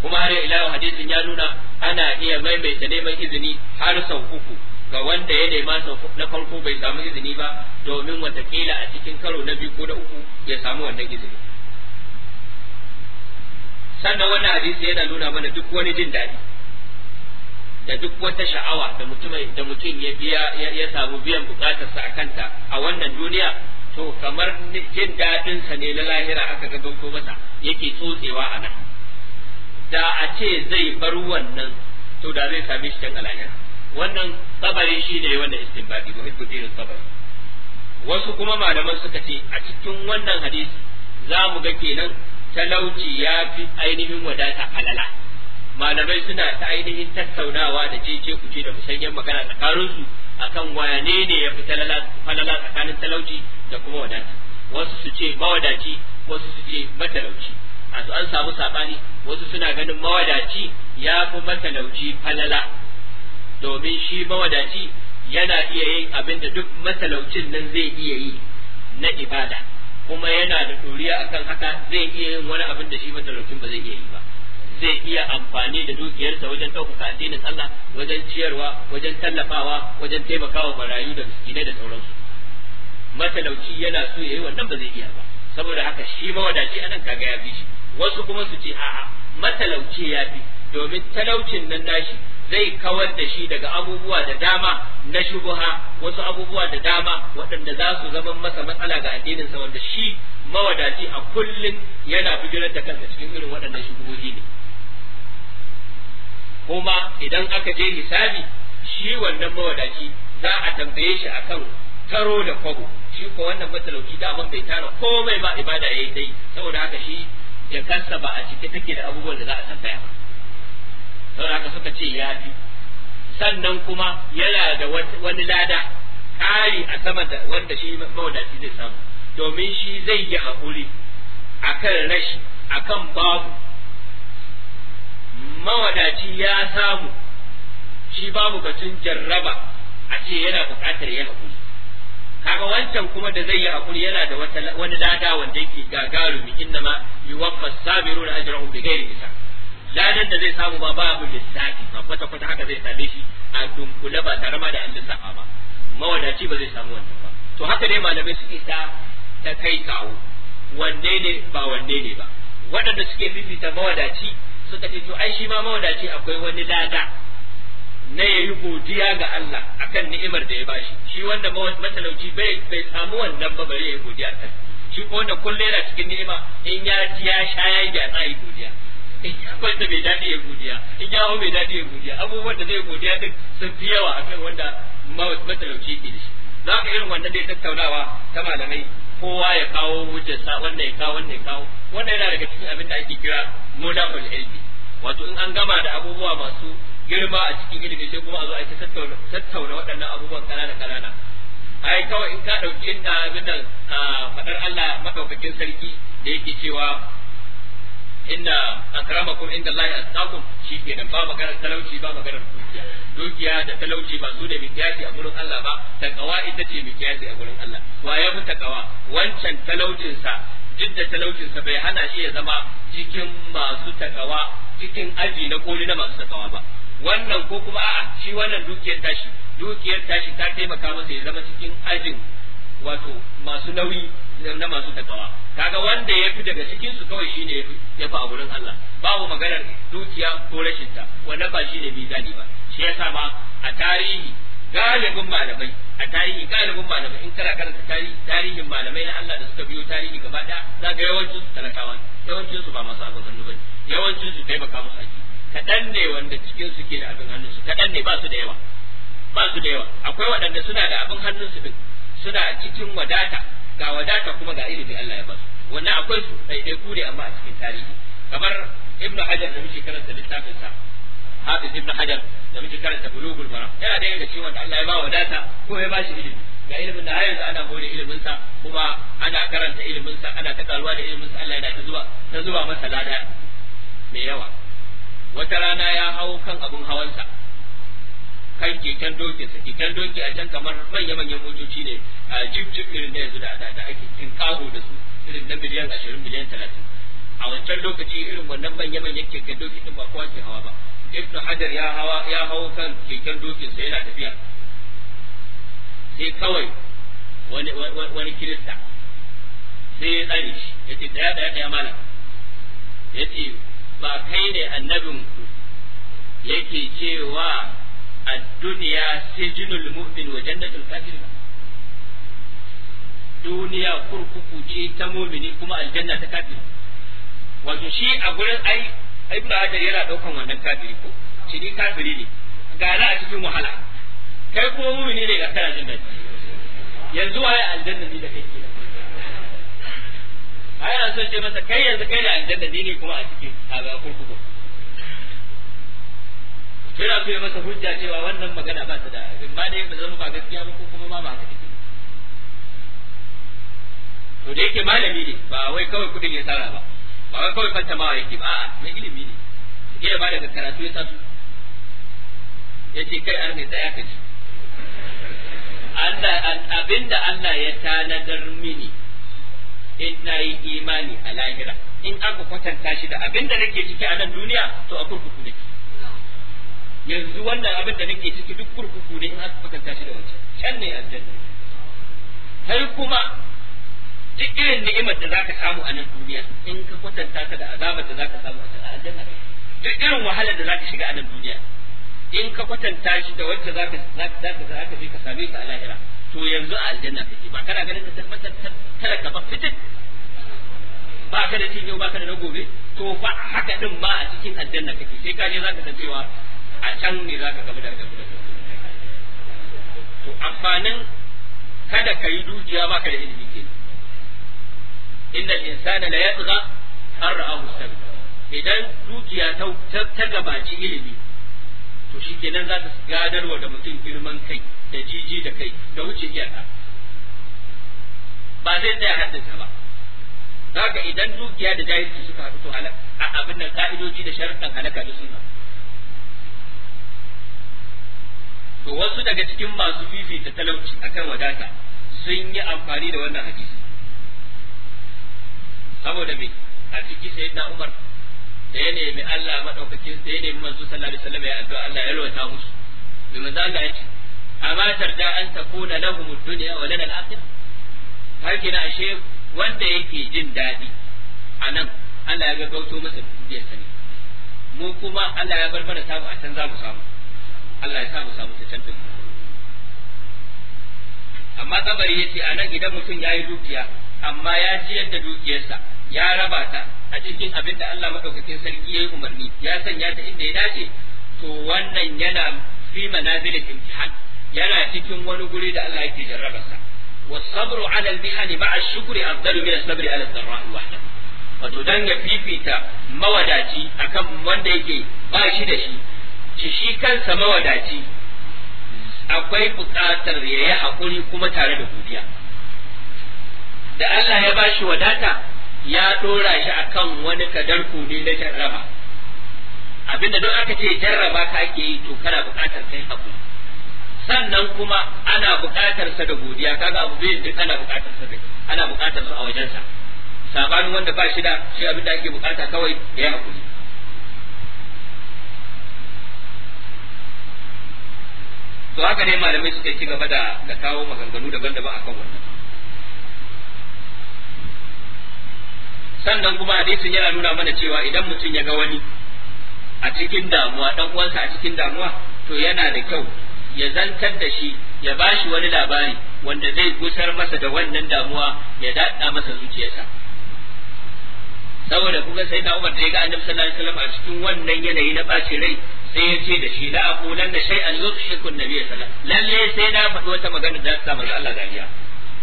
kuma har ila hadisin ya nuna ana iya maimaita neman izini har sau uku ga wanda ya nema na farko bai samu izini ba domin watakila a cikin karo na biyu ko na uku ya samu wannan izini sannan wannan hadisi yana nuna mana duk wani jin daɗi da duk wata sha'awa da mutum da mutum ya biya ya samu biyan bukatarsa a kanta a wannan duniya to kamar jin daɗinsa ne na lahira aka ga ko masa yake tsotsewa a nan da a ce zai bar wannan to da zai same shi can a lahira wannan tsabari shi ne wannan istinbadi muhibbu dinin tsabari wasu kuma malaman suka ce a cikin wannan hadisi za mu ga kenan talauci ya fi ainihin wadata alala malamai suna ta ainihin tattaunawa da jeje kuce da musanyen magana tsakaninsu akan wane ne ya fi falala tsakanin talauci da kuma wadata wasu su ce mawadaci wasu su ce matalauci a su an samu saɓani wasu suna ganin mawadaci ya fi matalauci falala domin shi mawadaci yana iya yin abin da duk matalaucin nan zai iya yi na ibada kuma yana da doriya akan haka zai iya yin wani abin da shi matalaucin ba zai iya yi ba zai iya amfani da dukiyarsa wajen ɗaukaka addinin Allah wajen ciyarwa wajen tallafawa wajen taimakawa barayu da miskinai da sauransu matalauci yana so yayi wannan ba zai iya ba saboda haka shi mawadaci anan kaga ya bi shi wasu kuma su ce a'a matalauci ya bi domin talaucin nan nashi zai kawar da shi daga abubuwa da dama na shubuha wasu abubuwa da dama waɗanda za su zama masa matsala ga addininsa wanda shi mawadaci a kullum yana bijirar da kansa cikin irin waɗannan shubuhohi ne kuma idan aka je hisabi shi wannan mawadaci za a tambaye shi akan taro da kwabo. shi ko wannan matalauci daman bai tara komai ba ibada yayi dai saboda haka shi ya jakarsa ba a cike take da abubuwan da za a tambaya ba don haka suka ce ya fi sannan kuma yana da wani lada kari a sama da wanda shi mawadaci zai samu domin shi zai yi haƙuri kan rashi a kan babu mawadaci ya samu shi babu batun jarraba a ce yana buƙatar ya haƙuri kaga wancan kuma da zai yi haƙuri yana da wani lada wanda yake gagarumi inda ma yuwaffa sabiruna ajrahum bighairi hisab ladan da zai samu ba babu lissafi ba kwata kwata haka zai same shi a dunkule ba tare ma da an lissafa ba mawadaci ba zai samu wannan ba to haka ne malamai suke ta ta kai kawo wanne ne ba wanne ne ba waɗanda suke fifita mawadaci suka ce to ai shi ma mawadaci akwai wani lada na ya yi godiya ga Allah akan ni'imar da ya bashi shi wanda matalauci bai bai samu wannan ba bai ya yi godiya kan shi ko wanda kullum yana cikin ni'ima in ya ya sha ya yi a yi godiya in ya kwanta mai daɗi ya godiya in ya mai dadi ya godiya abubuwan da zai godiya duk sun fi yawa a kan wanda matalauci ke da shi za ka irin wannan dai tattaunawa ta malamai kowa ya kawo hujjarsa wanda ya kawo wanda ya kawo wannan yana daga cikin abin da ake kira modern ilmi wato in an gama da abubuwa masu girma a cikin ilimi sai kuma a zo a tattauna waɗannan abubuwan ƙanana ƙanana ai kawai in ka ɗauki inda abin da ah, faɗar Allah maɗaukakin sarki da yake cewa inna akramakum inda Allah ke shikenan ba maganar talauci ba maganar dukiya dukiya da talauci ba su da mikiyasi a gurin Allah ba takawa ita ce mikiyasi a gurin Allah wa ya fi takawa wancan talaucin sa duk da talaucin sa bai hana shi ya zama cikin masu takawa cikin aji na koli na masu takawa ba wannan ko kuma a'a shi wannan dukiyar tashi dukiyar tashi ta taimaka masa ya zama cikin ajin wato masu nauyi na masu takawa kaga wanda ya fi daga cikin su kawai shine ya fi a gurin Allah babu maganar dukiya ko rashin ta wanda ba shine mizani ba shi yasa ma a tarihi galibin malamai a tarihi galibin malamai in kana karanta tarihi tarihin malamai na Allah da suka biyo tarihi gaba daya za ga yawancin su talakawa yawancin su ba masu abin hannu bane yawancin su baka musu aiki kaɗan ne wanda cikin su ke da abin hannun su kaɗan ne ba su da yawa ba su da yawa akwai waɗanda suna da abin hannun su din suna cikin wadata ga wadata kuma ga ilimi Allah ya basu wannan akwai su dai kure amma a cikin tarihi kamar ibnu hajar da muke karanta littafin sa hafiz ibnu hajar da muke karanta bulugul fara yana da yadda cewa Allah ya ba wadata ko ya ba shi ilimi ga ilimin da yanzu ana more ilimin sa kuma ana karanta ilimin sa ana ta karuwa da ilimin sa Allah ya ta zuwa ta zuwa masa lada mai yawa wata rana ya hau kan abun hawansa kan keken dokin sa keken doki a can kamar manya manyan motoci ne a jip jip irin da yanzu da da ake kin kago da su irin na miliyan 20 miliyan 30 a wancan lokaci irin wannan manya manyan keken doki din ba kowa ke hawa ba ibn hajar ya hawa ya hawo kan keken dokin sa yana tafiya sai kawai wani wani kirista sai ya tsare shi yace daya daya daya malam yace ba kai ne annabin ku yake cewa addunya dunya sijnul mu'min wa jannatul kafir duniya kurkuku ce ta mumini kuma aljanna ta kafir wato shi a gurin ai ba da yana daukan wannan kafiri ko shi ni kafiri ne ga na a cikin wahala kai ko mumini ne ga kana jin daɗi yanzu waye aljanna ni da kai ke ai an san ce masa kai yanzu kai da aljanna ne kuma a cikin a kurkuku yana so ya masa hujja cewa wannan magana ba ta da abin ba da ba zama ba gaskiya ba ko kuma ba ba haka to da yake malami ne ba wai kawai kudin ya tara ba ba wai kawai fanta mawa yake ba mai ilimi ne ya ba daga karatu ya tasu ya ce kai an ya tsaya ka ci abinda Allah ya tanadar mini in na yi imani a lahira in aka kwatanta shi da abinda nake ciki a nan duniya to a kurkuku nake yanzu wannan abin da nake ciki duk kurkuku ne in aka kwatanta shi da wancan can ne aljanna kai kuma duk irin ni'imar da zaka samu a nan duniya in ka kwatanta ta da azabar da zaka samu a aljanna duk irin wahalar da zaka shiga a nan duniya in ka kwatanta shi da wacce zaka zaka zaka je ka same ta a lahira to yanzu a aljanna kake ba kana ganin ka tabbatar ka ba fitin ba ka da cin yau ba ka da na gobe to fa haka din ma a cikin aljanna kake sai ka je zaka san cewa a can ne za ka gamu da gamu da to amfanin kada ka yi dukiya ba ka da ilimi ke inda al-insana la yatgha an ra'ahu idan dukiya ta gabaci ilimi to shikenan za ta gadarwa da mutum girman kai da jiji da kai da wuce iyaka ba zai tsaya haddinsa ba za ka idan dukiya da jahilci suka haɗu to a abin nan ka'idoji da sharuɗan halaka da suna to wasu daga cikin masu fifita talauci akan wadata sun yi amfani da wannan hadisi saboda me a ciki na Umar da ya nemi Allah madaukakin da ya nemi manzo sallallahu alaihi wasallam ya addu'a Allah ya rawata musu bi manzo Allah ya ce amma tarda an takuna lahum ad-dunya wa lana al-akhirah haka na ashe wanda yake jin daɗi a nan Allah ya gaggauto masa duniyar sani mu kuma Allah ya bar mana samu a can za mu samu Allah ya sa mu samu ta amma kabari yace a nan idan mutum ya yi dukiya amma ya ciyar yadda dukiyarsa ya raba ta a cikin abin da Allah madaukakin sarki ya yi umarni ya sanya ta inda ya dace to wannan yana fi manazilin imtihan yana cikin wani guri da Allah yake jarrabarsa والصبر على المهن مع الشكر أفضل sabri الصبر على الضراء وحده wato dan ya fifita mawadaci akan wanda yake ba shi da shi ci shi kansa mawadaci akwai buƙatar ya yi haƙuri kuma tare da godiya da Allah ya bashi wadata ya ɗora shi akan wani kadar ne na jarraba abinda don aka ce jarraba ka ake yi to kana buƙatar kai haƙuri sannan kuma ana buƙatar sa da godiya kaga abu bai duk ana buƙatar sa ana bukatar sa a wajensa sabanin wanda ba shi da shi abinda ake buƙata kawai ya yi haƙuri to haka ne malamai suke ci gaba da da kawo maganganu daban-daban akan wannan sannan kuma hadisin yana nuna mana cewa idan mutum ya ga wani a cikin damuwa dan uwansa a cikin damuwa to yana da kyau ya zantar da shi ya ba shi wani labari wanda zai gusar masa da wannan damuwa ya daɗa masa zuciyarsa saboda kuka sai da Umar da ya ga Annabi sallallahu alaihi wasallam a cikin wannan yanayi na ɓacin rai sai ya ce da shi la kunan da yi yudhiku shirkun na biya alaihi lalle sai na faɗi wata magana da ta maza Allah dariya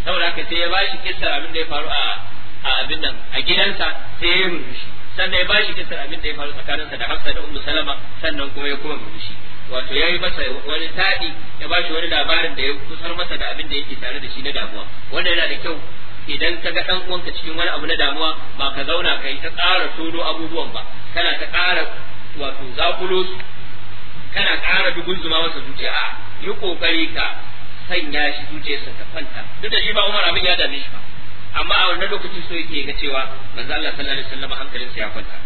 saboda haka sai ya bashi kistar abin da ya faru a abin nan a gidansa sai ya yi murmushi sannan ya bashi kistar abin da ya faru tsakaninsa da Hafsa da umu Salama sannan kuma ya kuma murmushi wato ya yi masa wani taɗi ya bashi wani labarin da ya kusar masa da abin da yake tare da shi na damuwa wanda yana da kyau idan ka ga ɗan uwanka cikin wani abu na damuwa ba ka zauna ka yi ta ƙara tono abubuwan ba kana ta ƙara wato zakulo su kana ƙara dubun zuma masa zuciya yi ƙoƙari ka sanya shi zuciyarsa ta kwanta duk da shi ba Umar abin ya dame shi ba amma a wannan lokacin so yake ga cewa manzo Allah sallallahu alaihi wasallam hankalinsa ya kwanta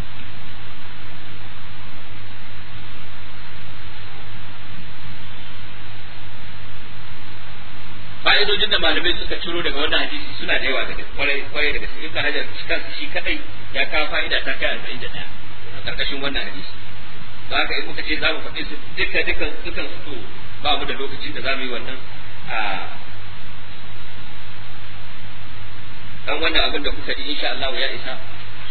fa'idojin da malamai suka ciro daga wannan hadisi suna da yawa daga kwarai daga cikin kan kansa shi kadai ya kawo fa'ida ta kai 41 ɗaya a ƙarƙashin wannan hadisi da haka in muka ce za mu faɗi su duka dukan su to ba mu da lokacin da za mu yi wannan a dan wannan abin da kuka yi insha Allah ya isa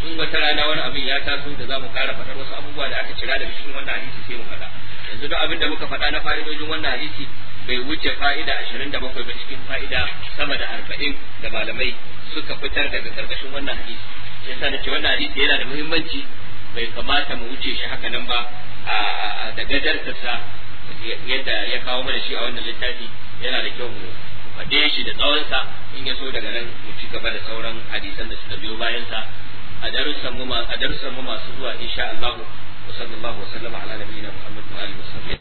in wata rana wani abin ya taso da za mu ƙara faɗar wasu abubuwa da aka cira daga cikin wannan hadisi sai mu faɗa yanzu duk abin da muka faɗa na fa'idojin wannan hadisi bai wuce fa'ida ashirin da bakwai ba cikin fa'ida sama da arba'in da malamai suka fitar daga karkashin wannan hadisi yasa da ce wannan hadisi yana da muhimmanci bai kamata mu wuce shi haka nan ba da sa yadda ya kawo mana shi a wannan littafi yana da kyau mu faɗe shi da tsawonsa in ya so daga nan mu ci gaba da sauran hadisan da suka biyo bayansa a darussan mu a darussan mu masu zuwa insha Allah wa sallallahu wa sallama ala nabiyina Muhammad wa alihi wa